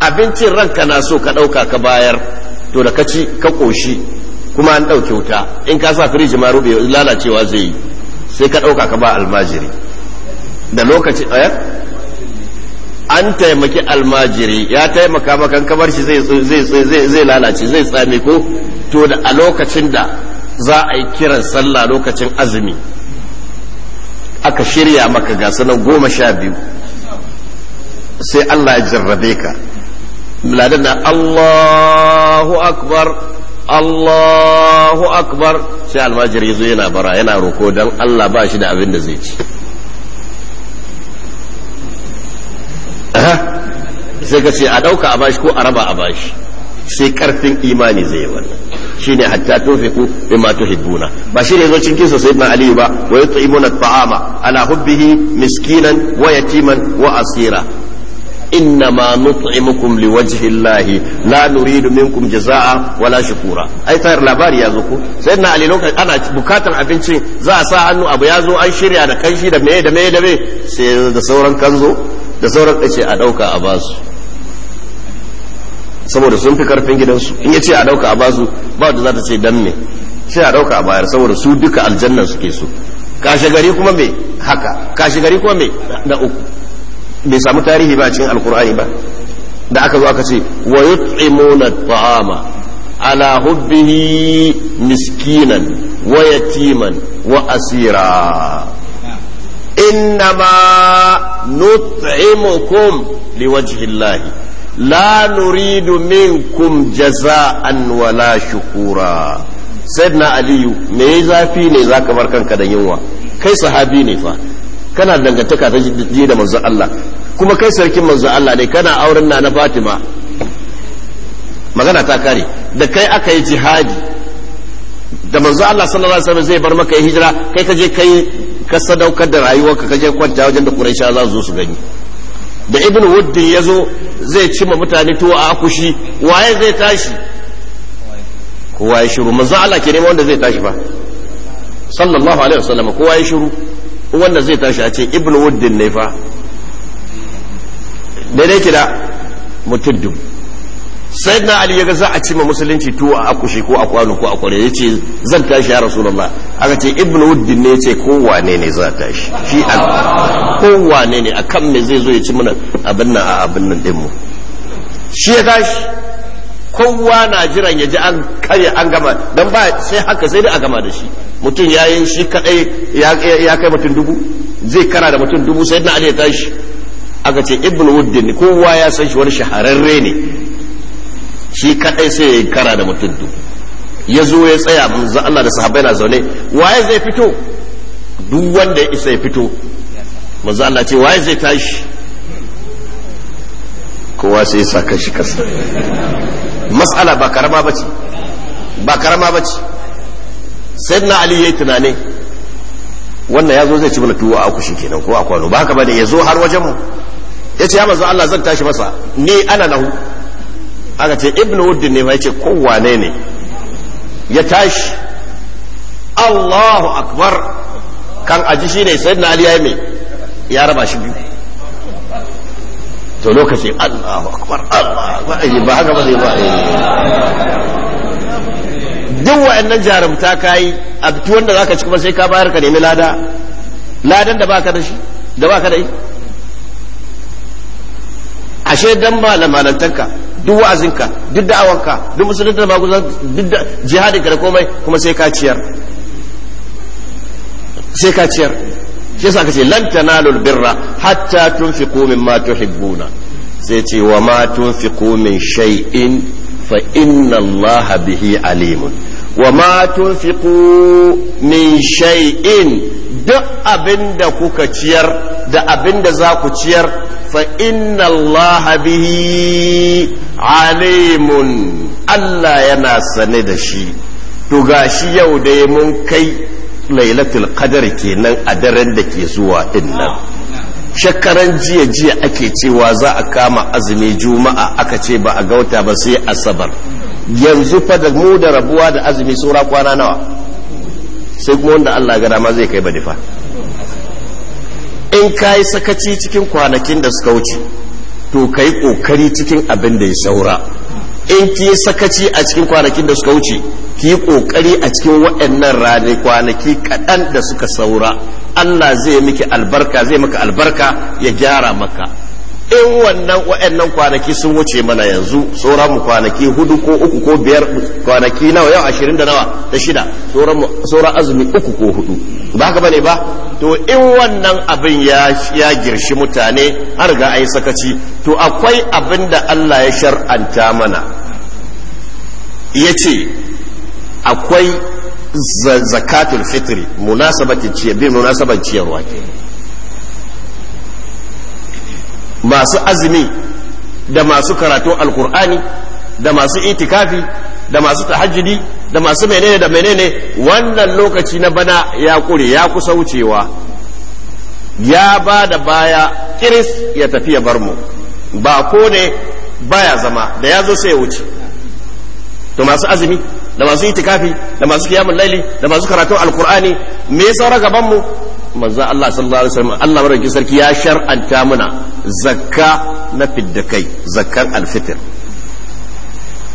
abincin ranka na so ka ɗauka ka bayar to da ka ci ka ƙoshi kuma an ɗauke wuta in ka sa firiji ma rube lalacewa zai yi sai ka ɗauka ka ba almajiri da lokaci ɗaya eh? an taimaki almajiri ya taimaka maka kamar shi zai lalace zai tsame ko to da a lokacin da za a yi kiran sallah lokacin azumi aka shirya maka ga sanan goma sha biyu sai Allah ya jarrabe ka ladan na Allahu akbar Allahu akbar sai almajiri zo yana bara yana roko dan Allah ba shi da abin da zai ci sai ka ce a ɗauka a bashi ko a raba a bashi sai karfin imani zai yi wannan shine hatta tunfiqu mimma tuhibbuna ba ne yazo cikin sa sayyidina ali ba wa yut'imuna at'ama ala hubbihi miskinan wa yatiman wa asira inna ma nut'imukum liwajhi llahi la nuridu minkum jazaa wala shukura ai tayar labari ya zo ku sai na ali lokacin ana bukatar abinci za a sa hannu abu ya zo an shirya da kanshi da me da me da me sai da sauran kanzo da sauran kace a dauka a basu saboda sun fi karfin gidansu in yace a dauka a basu ba da za ta ce dan ne sai a dauka a bayar saboda su duka aljanna suke so kashe kuma me haka kashe kuma me da uku bai samu tarihi ba a cikin alkur'ani ba da aka zo aka ce wa yut'imuna ta'ama ala hubbihi miskinan wa yatiman wa asira innama nut'imukum Allah la nuridu minkum jaza'an wala shukura sayyidina aliyu me zafi ne zaka bar kanka da yunwa kai sahabi ne fa kana dangantaka ta jini da manzon Allah kuma kai sarkin manzon Allah ne kana auren na na Fatima magana ta kare da kai aka yi jihadi da manzo Allah sallallahu alaihi wasallam zai bar maka hijira kai ka je kai ka sadaukar da rayuwarka ka je kwanta wajen da Quraisha za su zo su gani da Ibn Wuddi ya zo zai cima mutane tuwo a akushi waye zai tashi kowa ya shiru manzo Allah ke neman wanda zai tashi ba sallallahu alaihi wasallam kowa ya shiru wanda zai tashi a ce ibn wuddin ne fa daidai ki da mutuddin sai na ali ya ga za a cima musulunci tuwo a akushi ko a kwano ko a kwano ya zan tashi ya rasulullah aka ce ibn wuddin ne ya ce kowane ne za tashi shi a kowane ne a kan me zai zo ya ci mana abin nan a abin nan ɗinmu shi ya tashi kowa na jiran ya ji an karya an gama don ba sai haka sai dai a gama da shi mutum ya yi shi kadai ya kai mutum dubu zai kara da mutum dubu sai na ajiye ya tashi aka ce ibn wuddin kowa ya san shi wani shahararre ne shi kadai sai ya kara da mutum dubu ya zo ya tsaya manzo Allah da sahabbai na zaune waye zai fito duk wanda ya isa ya fito maza Allah ce waye zai tashi kowa sai ya sa shi kasa mas'ala ba karama bace ba karama bace na ali ya yi tunane wannan ya zo zai ci mana tuwo a kushi kenan ko a kwano ba haka ba ne ya zo har wajen ya ce ya mazu Allah zan tashi masa ni ana nahu. aka ce ibnu wuddin ne ya ce kowane ne ya tashi Allahu akbar kan aji shine na Ali ya yi ya raba shi biyu to lokaci Allahu akbar Allahu akbar ba haka ba zai ba duk wa'annan jarumta kai duk wanda zaka ci kuma sai ka bayar ka nemi lada ladan da baka da shi da baka da ashe dan malamalantarka duk wa'azinka duk da'awanka duk musulunta da maguzan duk jihadin ka da komai kuma sai ka ciyar sai ka ciyar shi yasa kace lan tanalul birra hatta tunfiqu mimma tuhibbuna sai ce wa ma tunfiqu min shay'in fa inna allaha bihi alimun wa ma tunfiqu min shay'in duk abinda kuka ciyar da abinda za ku ciyar fa inna allaha bihi alimun Allah yana sane da shi to gashi yau dai mun kai lailatul qadar kenan a daren da ke zuwa din nan shekaran jiya jiya ake cewa za a kama azumi juma'a aka ce ba a gauta ba sai asabar yanzu fa da mu da rabuwa da azumi saura kwana nawa sai kuma wanda Allah ga dama zai kai ba difa in kai sakaci cikin kwanakin da suka wuce to kai kokari cikin abin da ya saura in ki sakaci a cikin kwanakin da suka wuce ki yi kokari a cikin waɗannan rane kwanaki kaɗan da suka saura Allah zai miki albarka zai maka albarka ya gyara maka in wannan wa'annan kwanaki sun wuce mana yanzu sauran mu kwanaki hudu ko uku ko biyar kwanaki nawa yau ashirin da nawa da shida sauran azumi uku ko hudu ba haka bane ba to in wannan abin ya girshi mutane har ga ayi sakaci to akwai abin da Allah ya shar'anta mana ya ce akwai zakatul fitri munasabatin ciyarwa ke masu azumi da masu karatu alkur'ani da masu itikafi da masu tahajjudi da masu menene da menene wannan lokaci na bana ya kure ya kusa wucewa ya ba da baya kiris ya tafi ya bar mu ba ko ne baya zama da ya zo sai ya wuce to masu azumi da masu itikafi da masu kiyamun laili da masu karatun alkur'ani me ya saura gaban mu manzo Allah sallallahu alaihi wasallam Allah barkin sarki ya shar'anta muna zakka na fiddakai zakkar alfitr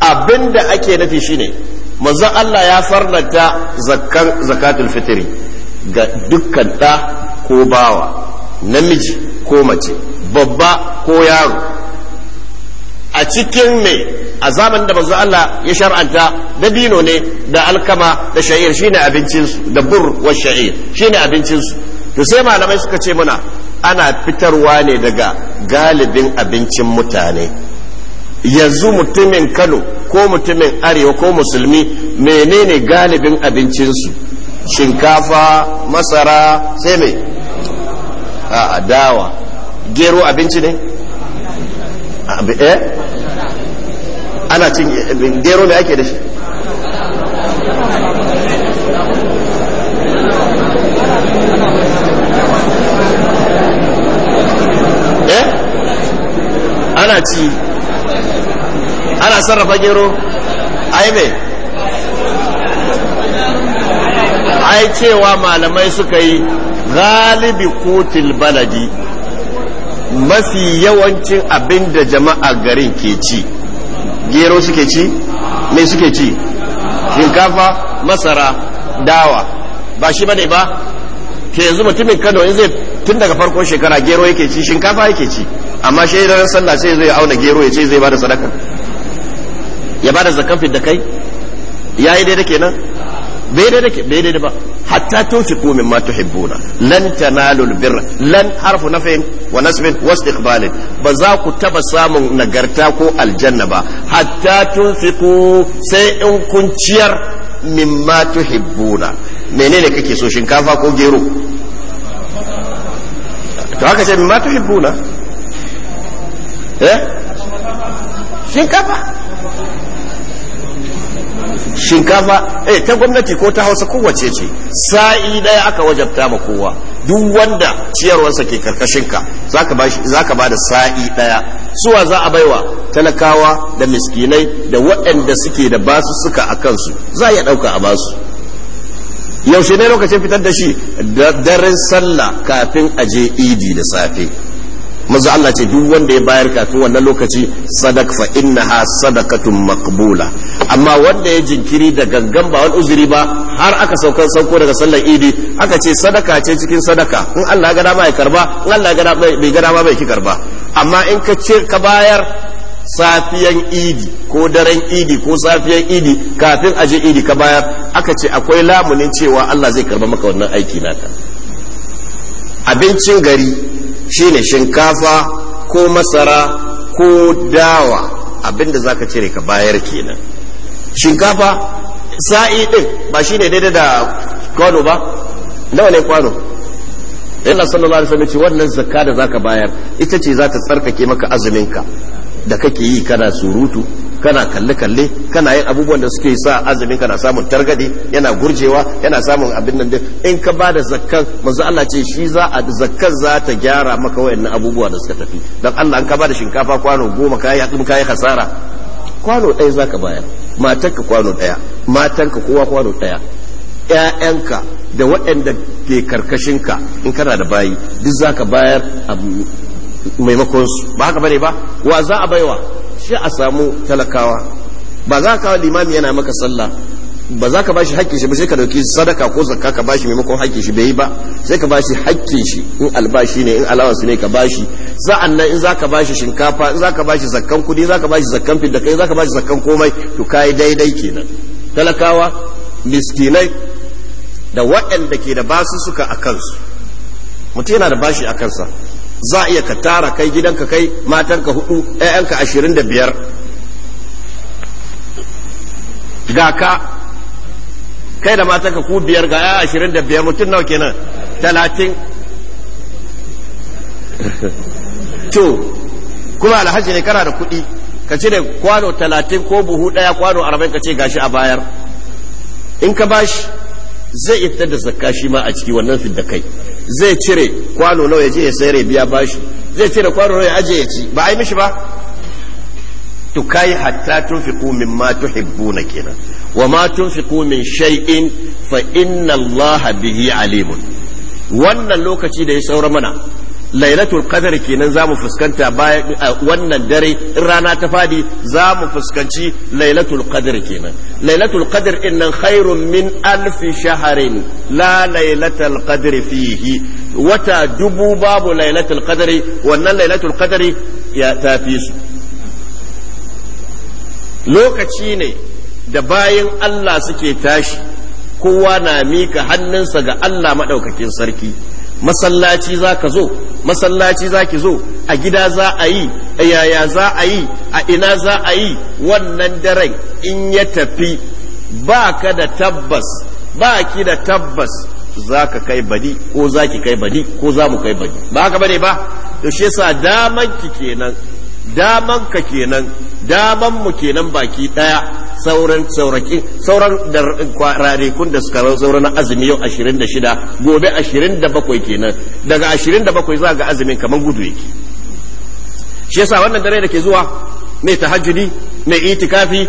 abinda ake nufi shine manzo Allah ya farlanta zakkar zakatul fitri ga dukkan da ko bawa namiji ko mace babba ko yaro a cikin ne a zamanin da manzo Allah ya shar'anta dabino ne da alkama da sha'ir shine abincin su da bur wa sha'ir shine abincinsu. to sai malamai suka ce muna ana fitarwa ne daga galibin abincin mutane yanzu mutumin kano ko mutumin arewa ko musulmi menene galibin abincinsu shinkafa masara sai mai a dawa gero abinci ne eh? ana cin eh, gero ne ake da shi ana ci ana sarrafa gero ai me ai cewa malamai suka yi galibi kotil baladi mafi yawancin abin da jama'a garin ke ci gero suke ci mai suke ci shinkafa masara dawa ba shi bane ba ke yanzu mutumin Kano in zai tun daga farkon shekara gero yake ci shinkafa yake ci amma shi ranar sallah sai zai auna gero ya ce zai bada sadaka ya bada zakan fit da kai ya yi daidai kenan bai daidai ke bai daidai ba hatta ma mimma tuhibbuna lan tanalu albirra lan harfu nafin wa nasbin wa istiqbalin ba za ku taba samun nagarta ko aljanna ba hatta tunfiqu sai in kun ciyar mimma tuhibbuna menene kake so shinkafa ko gero to haka ce mimma tuhibbuna eh shinkafa shinkafa eh ta gwamnati ko ta hausa kowace ce sa'i daya aka wajabta ma kowa duk wanda ciyarwarsa ke karkashin karkashinka ka ba da sa'i ɗaya suwa za a baiwa talakawa da miskinai da waɗanda suke da basu suka a kansu za a iya ɗauka a basu yaushe ne lokacin fitar da shi da daren sallah kafin a je idi da safe manzo Allah ce duk wanda ya bayar kafin wannan lokaci sadak fa innaha sadaqatun maqbula amma wanda ya jinkiri da gangan ba wani uzuri ba har aka saukan sauko daga sallar idi aka ce sadaka ce cikin sadaka in Allah ya gada ya karba in Allah ya bai bai ki karba amma in ka ce ka bayar safiyan idi ko daren idi ko safiyan idi kafin aje idi ka bayar aka ce akwai lamunin cewa Allah zai karba maka wannan aiki naka abincin gari shine shinkafa ko masara ko dawa abinda za ka cire ka bayar kenan shinkafa sa'i din ba shine daidai da kwano ba nawa ne kwano Allah sallallahu alaihi wasallam ce wannan zakka da zaka bayar ita ce za ta tsarkake maka azuminka. da kake yi kana surutu kana kalle-kalle kana yin abubuwan da suke sa azumin kana samun targade yana gurjewa yana samun abin nan in ka ba da zakkan manzo Allah ce shi za a zakkan za ta gyara maka wayannan abubuwa da suka tafi dan Allah an ka ba da shinkafa kwano goma kai ya kuma kai hasara kwano ɗaya zaka bayar matanka kwano ɗaya matanka kowa kwano ɗaya ƴaƴanka da waɗanda ke karkashin ka in kana da bayi duk zaka bayar abu. maimakon su ba haka bane ba wa za a baiwa shi a samu talakawa ba za ka limami yana maka sallah ba za ka bashi hakkin shi ba sai ka dauki sadaka ko zakka ka bashi maimakon hakkin shi bai ba sai ka bashi hakkin shi in albashi ne in allowance ne ka bashi sa'an nan in za ka bashi shinkafa in za ka bashi zakkan kudi za ka bashi zakkan fidda kai za ka bashi zakkan komai to kai daidai kenan talakawa miskinai da waɗanda ke da basu suka a kansu mutum yana da bashi a kansa za a iya ka tara kai gidanka kai matanka hudu ƴaƴanka ashirin da biyar ga ka kai da matanka ku biyar ga ƴaƴa ashirin da biyar mutum nawa kenan talatin <laughs> to kuma alhaji ne kana da kuɗi ka cire kwano talatin ko buhu ɗaya kwano arba'in ka ce gashi a bayar in ka bashi zai fitar da zakka shi ma a ciki wannan fidda kai zai cire kwano nawa ya je ya sayar ya biya bashi zai cire kwano nawa ya aje ya ci ba ai mishi ba to kai hatta tunfiqu mimma tuhibbuna kenan wa ma tunfiqu min shay'in fa inna allaha bihi alimun wannan lokaci da ya saura mana lailatul qadar kenan za mu fuskanta bayan wannan dare in rana ta fadi za mu fuskanci lailatul qadar kenan lailatul qadar din nan khairun min alfi shaharin la lailatul qadar fihi wata dubu babu lailatul qadari wannan lailatul qadari ya tafi su lokaci ne da bayan Allah suke tashi kowa na mika hannunsa ga Allah maɗaukakin sarki masallaci za ka zo masallaci za ki zo a gida za a yi a yaya za a yi a ina za a yi wannan daren in ya tafi ba ka da tabbas ba ki da tabbas za ka kai badi ko za ki kai badi ko za mu kai badi ba haka bane ba to shi yasa daman ki kenan daman ka kenan daman mu kenan baki daya sauran saurakin sauran rarikun da suka sauran azumi yau 26 gobe 27 kenan daga 27 za ga azumin kamar gudu yake shi yasa wannan dare da ke zuwa mai tahajjudi mai itikafi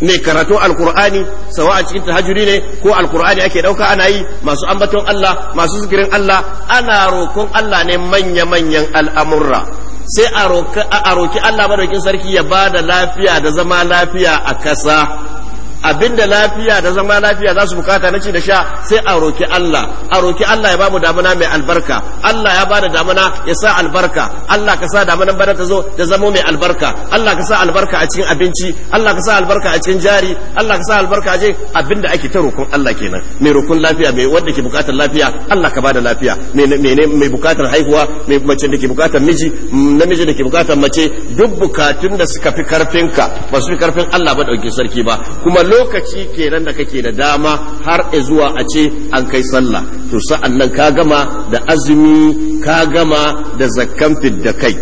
mai karatu alkur'ani sawa a cikin tahajjudi ne ko alkur'ani ake dauka ana yi masu ambaton Allah masu zikirin Allah ana rokon Allah ne manya manyan al'amurra sai a roki Allah madaukin sarki ya ba da lafiya da zama lafiya a ƙasa. abinda lafiya da zama lafiya za su bukata na ci da sha sai a roki Allah a roki Allah ya ba mu damuna mai albarka Allah ya bada damuna ya sa albarka Allah ka sa damunan bana ta zo ta zamo mai albarka Allah ka sa albarka a cikin abinci Allah ka sa albarka a cikin jari Allah ka sa albarka a cikin abinda ake ta rokon Allah kenan mai rokon lafiya mai wanda ke bukatar lafiya Allah ka bada lafiya mai mai bukatar haihuwa mai mace da ke bukatar miji namiji da ke bukatar mace duk bukatun da suka fi karfinka ba su fi karfin Allah ba dauke sarki ba kuma lokaci kenan da kake da dama har zuwa a ce an kai sallah to sa'an nan ka gama da azumi ka gama da zakkan fidda kai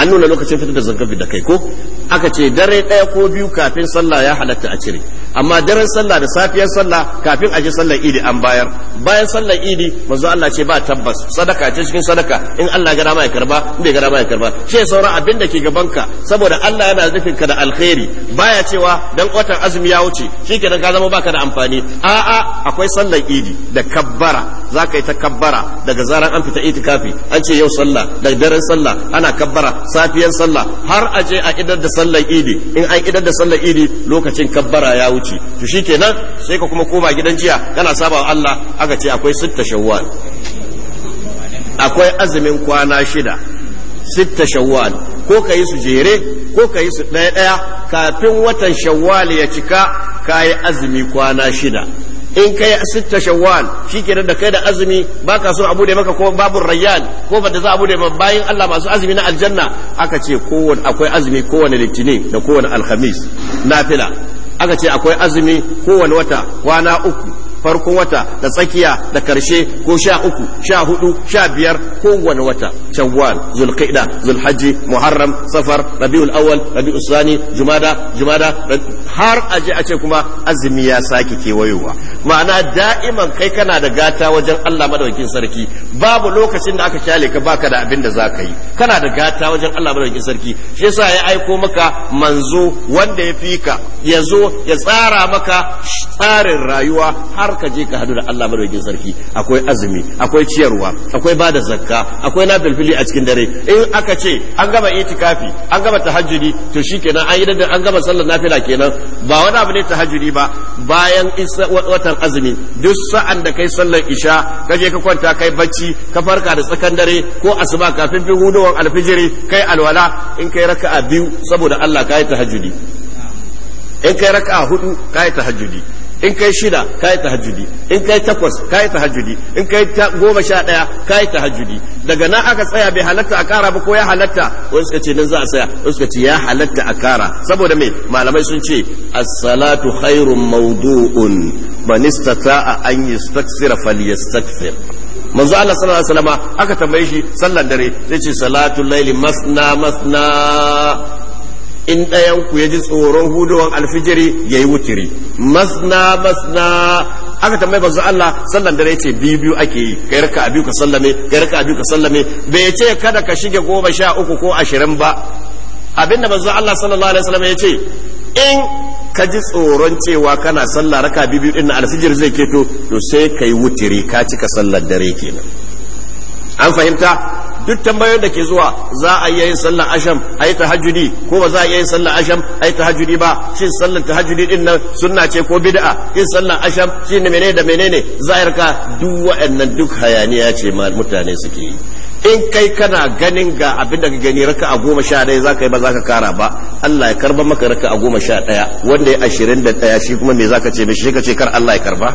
an nuna lokacin fitar da zakkan fidda kai ko aka ce dare ɗaya ko biyu kafin sallah ya halatta a cire amma daren sallah da safiyar sallah kafin a ji sallar idi an bayar bayan sallar idi manzo Allah ce ba tabbas sadaka ce cikin sadaka in Allah ga dama ya karba in bai ga dama ya karba ce sauran abin da ke gabanka saboda Allah yana nufin ka da alkhairi baya cewa dan watan azumi ya wuce shikenan ka zama baka da amfani a'a akwai sallar idi da kabbara zaka yi ta kabbara daga zaran an fita itikafi an ce yau sallah da daren sallah ana kabbara safiyar sallah har aje a idar da sallar idi in an idar da sallar idi lokacin kabbara ya wuce To to shikenan sai ka kuma koma gidan jiya kana saba wa Allah aka ce akwai sitta shawwal akwai azumin kwana shida sitta shawwal ko ka su jere ko ka su ɗaya ɗaya kafin watan shawwal ya cika ka yi azumi kwana shida in kai sitta shawwal shikenan da kai da azumi baka so abu da maka ko babu rayyan ko da za abu da bayan Allah masu azumi na aljanna aka ce kowane akwai azumi kowane litinin da kowane alhamis nafila aka ce akwai azumi kowane wata kwana uku Farko wata da tsakiya da karshe ko sha uku sha hudu sha biyar kowane wata shawwal zulqa'da zulhajji muharram safar rabiul awwal rabiul thani jumada jumada har aje a ce kuma azumi ya sake kewayowa ma'ana da'iman kai kana da gata wajen Allah madaukakin sarki babu lokacin da aka kyale ka baka da abin da zaka yi kana da gata wajen Allah madaukakin sarki shi yasa ya aiko maka manzo wanda ya fika ya zo ya tsara maka tsarin rayuwa har har ka je ka hadu da Allah madaukakin sarki akwai azumi akwai ciyarwa akwai bada zakka akwai na filfili a cikin dare in aka ce an gama itikafi an gama tahajjudi to shikenan an yi da an gama sallar nafila kenan ba wani abu ne tahajjudi ba bayan watan azumi duk sa'an da kai sallar isha ka je ka kwanta kai bacci ka farka da tsakan dare ko asuba kafin fi hudowar alfijiri kai alwala in kai raka'a biyu saboda Allah ka yi tahajjudi in kai raka'a hudu ka yi tahajjudi in kai shida kai tahajjudi in kai takwas kai tahajjudi in kai goma sha ɗaya kai tahajjudi daga nan aka tsaya bai halatta a kara ba ko ya halatta wani suka ce nan za a tsaya wani suka ce ya halatta a kara saboda me malamai sun ce as-salatu khairun mawdu'un man istata'a an yastaksira falyastaksir manzo Allah sallallahu alaihi wasallam aka tambaye shi sallar dare sai ce salatul laili masna masna in ɗayan ku ya ji tsoron huduwan alfijiri ya yi wutiri masna masna aka tambayi su Allah sallan dare ce biyu biyu ake yi ka yarka a biyu ka sallame ka yarka a biyu ka sallame bai ce kada ka shige goma sha uku ko ashirin ba abinda su Allah sallallahu alaihi wasallam ya ce in ka ji tsoron cewa kana sallah raka biyu biyu din alfijir zai keto to sai kai wutiri ka cika sallar dare kenan an fahimta duk tambayoyin da ke zuwa za a iya yin sallan asham a yi tahajjudi ko ba za a iya yin sallan asham a yi tahajjudi ba shin sallan tahajjudi din nan sunna ce ko bid'a in sallan asham shi ne menene da menene zahirka duk waɗannan duk hayaniya ce ma mutane suke yi in kai kana ganin ga abin da ka gani raka a goma sha ɗaya za ka yi ba za ka kara ba Allah ya karba maka raka a goma sha daya wanda ya ashirin da ɗaya shi kuma me za ka ce mishi shi ka ce kar Allah ya karba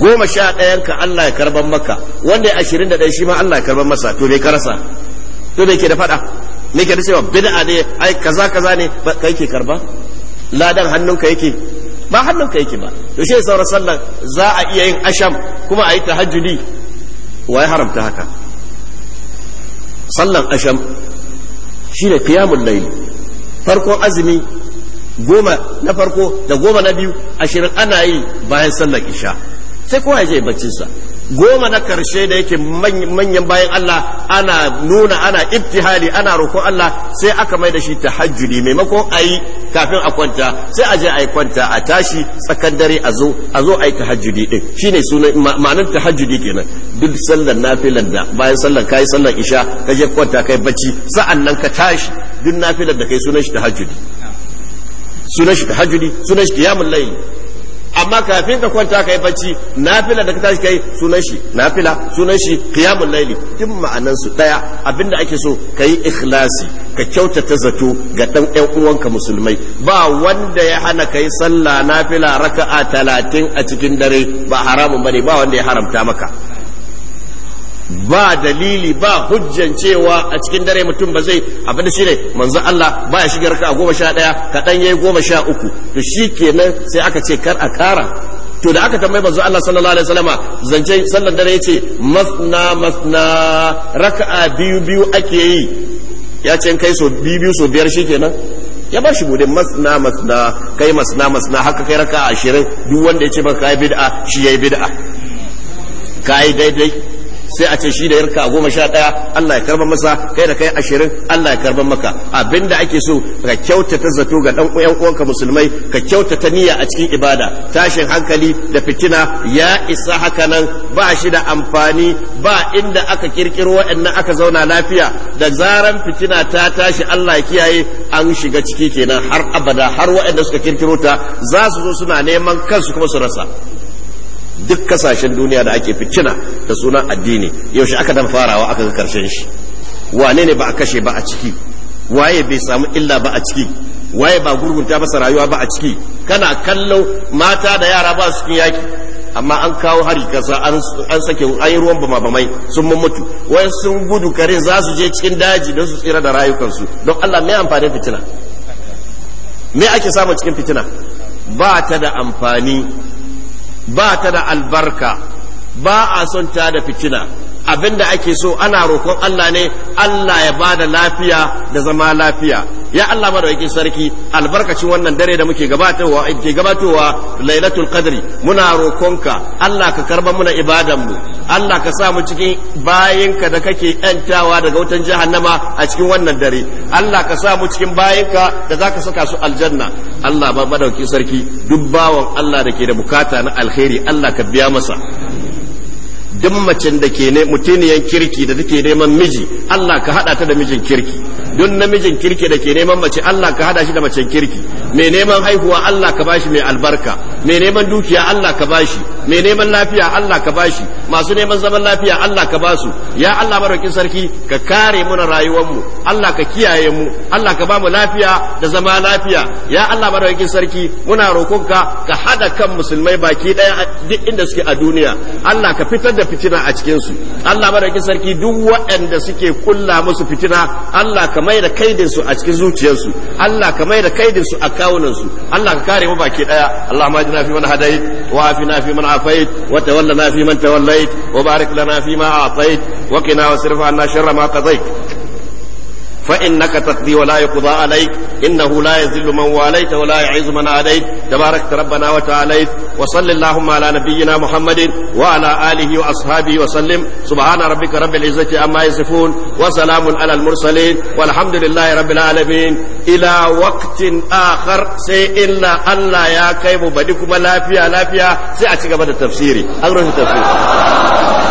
goma sha ɗayan ka Allah ya karban maka wanda ya ashirin da ɗaya shi ma Allah ya karban masa to bai karasa to bai ke da faɗa me ke da cewa bid'a ne ai kaza kaza ne kai ke karba ladan hannunka yake ba hannunka yake ba to shi sauran sallan za a iya yin asham kuma a yi tahajjudi wai haramta haka sallan asham shi ne qiyamul layl farkon azumi goma na farko da goma na biyu ashirin ana yi bayan sallar isha sai kowa ya je baccinsa goma na karshe da yake manyan bayan Allah ana nuna ana ibtihali ana roƙon Allah sai aka mai da shi tahajjudi maimakon ayi kafin a kwanta sai a je a kwanta a tashi tsakan dare a zo a zo a yi tahajjudi din shine sunan ma'anar tahajjudi kenan duk sallar nafilar da bayan sallar kai sallar isha ka je kwanta kai bacci sa'an nan ka tashi duk nafilar da kai sunan shi tahajjudi sunan shi tahajjudi sunan shi qiyamul layl amma kafin ka kwanta kai bacci nafila da ka tashi kai sunan shi nafila sunan shi qiyamul layli duk ma'anan su daya abinda ake so kai ikhlasi ka kyautata zato ga dan ɗan uwanka musulmai ba wanda ya hana kai sallah nafila raka'a talatin a cikin dare ba haramun bane ba wanda ya haramta maka ba dalili ba hujjan cewa a cikin dare mutum ba zai abin da shine manzo Allah ba ya shiga raka goma sha ɗaya kaɗan yayi goma sha uku to shi kenan sai aka ce kar a kara to da aka tambayi manzo Allah sallallahu alaihi wasallama zance sallan dare yace masna masna raka'a biyu biyu ake yi ya ce kai so biyu biyu so biyar shikenan ya ba shi bude masna masna kai masna masna haka kai raka'a ashirin duk wanda ya ce baka kai bid'a shi yayi bid'a kai daidai sai a ce shi da yarka goma sha ɗaya Allah ya karban masa kai da kai ashirin Allah ya karban maka abinda ake so ka kyautata zato ga ɗan uwan uwanka musulmai ka kyautata niyya a cikin ibada tashin hankali da fitina ya isa haka nan ba shi da amfani ba inda aka kirkiro waɗannan aka zauna lafiya da zaran fitina ta tashi Allah ya kiyaye an shiga ciki kenan har abada har waɗanda suka kirkiro ta za su zo suna neman kansu kuma su rasa duk kasashen duniya da ake fitina da sunan addini yaushe aka dan farawa aka ga karshen shi wane ne ba a kashe ba a ciki waye bai samu illa ba a ciki waye ba gurgunta masa rayuwa ba a ciki kana kallo mata da yara ba su yaki amma an kawo hari kasa an sake an yi ruwan bama bamai sun mutu wai sun gudu kare za su je cikin daji don su tsira da rayukansu don Allah me amfani fitina me ake samu cikin fitina ba ta da amfani ba ta da albarka ba a son ta da fitina Abin da ake so ana roƙon Allah ne Allah ya ba da lafiya da zama lafiya ya Allah madaukakin sarki albarkacin wannan dare da muke gabatarwa ke gabatowa lailatul qadri muna roƙonka Allah ka karba muna ibadan mu Allah ka sa mu cikin bayinka da kake yantawa daga wutan jahannama a cikin wannan dare Allah ka sa mu cikin bayinka da zaka saka su aljanna Allah ba sarki duk bawon Allah da ke da bukata na alkhairi Allah ka biya masa duk macen da ke ne mutuniyan kirki da take neman miji Allah ka hada ta da mijin kirki duk namijin kirki da ke neman mace Allah ka hada shi da macen kirki mai neman haihuwa Allah ka bashi mai albarka mai neman dukiya Allah ka bashi mai neman lafiya Allah ka bashi masu neman zaman lafiya Allah ka basu ya Allah barokin sarki ka kare mu na muna mu Allah ka kiyaye mu Allah ka ba mu lafiya da zama lafiya ya Allah barokin sarki muna roƙonka ka hada kan musulmai baki ɗaya duk inda suke a duniya Allah ka fitar da fitina a cikin su Allah madaukakin sarki duk waɗanda suke kulla musu fitina Allah ka mai da kaidin su a cikin zuciyarsu Allah ka mai da kaidin su a kawunan su Allah ka kare mu baki daya Allahumma ajina fi man hadait wa afina fi man afait wa tawallana fi man tawallait wa barik lana fi ma a'tait wa qina wasrif anna sharra ma qadait فإنك تقضي ولا يقضى عليك إنه لا يذل من واليت ولا يعز من عليك تبارك ربنا وتعاليت وصل اللهم على نبينا محمد وعلى آله وأصحابه وسلم سبحان ربك رب العزة عما يصفون وسلام على المرسلين والحمد لله رب العالمين إلى وقت آخر سي إلا ألا يا كيم بدكم لا فيها لا فيها سيأتي قبل التفسير أغرف التفسير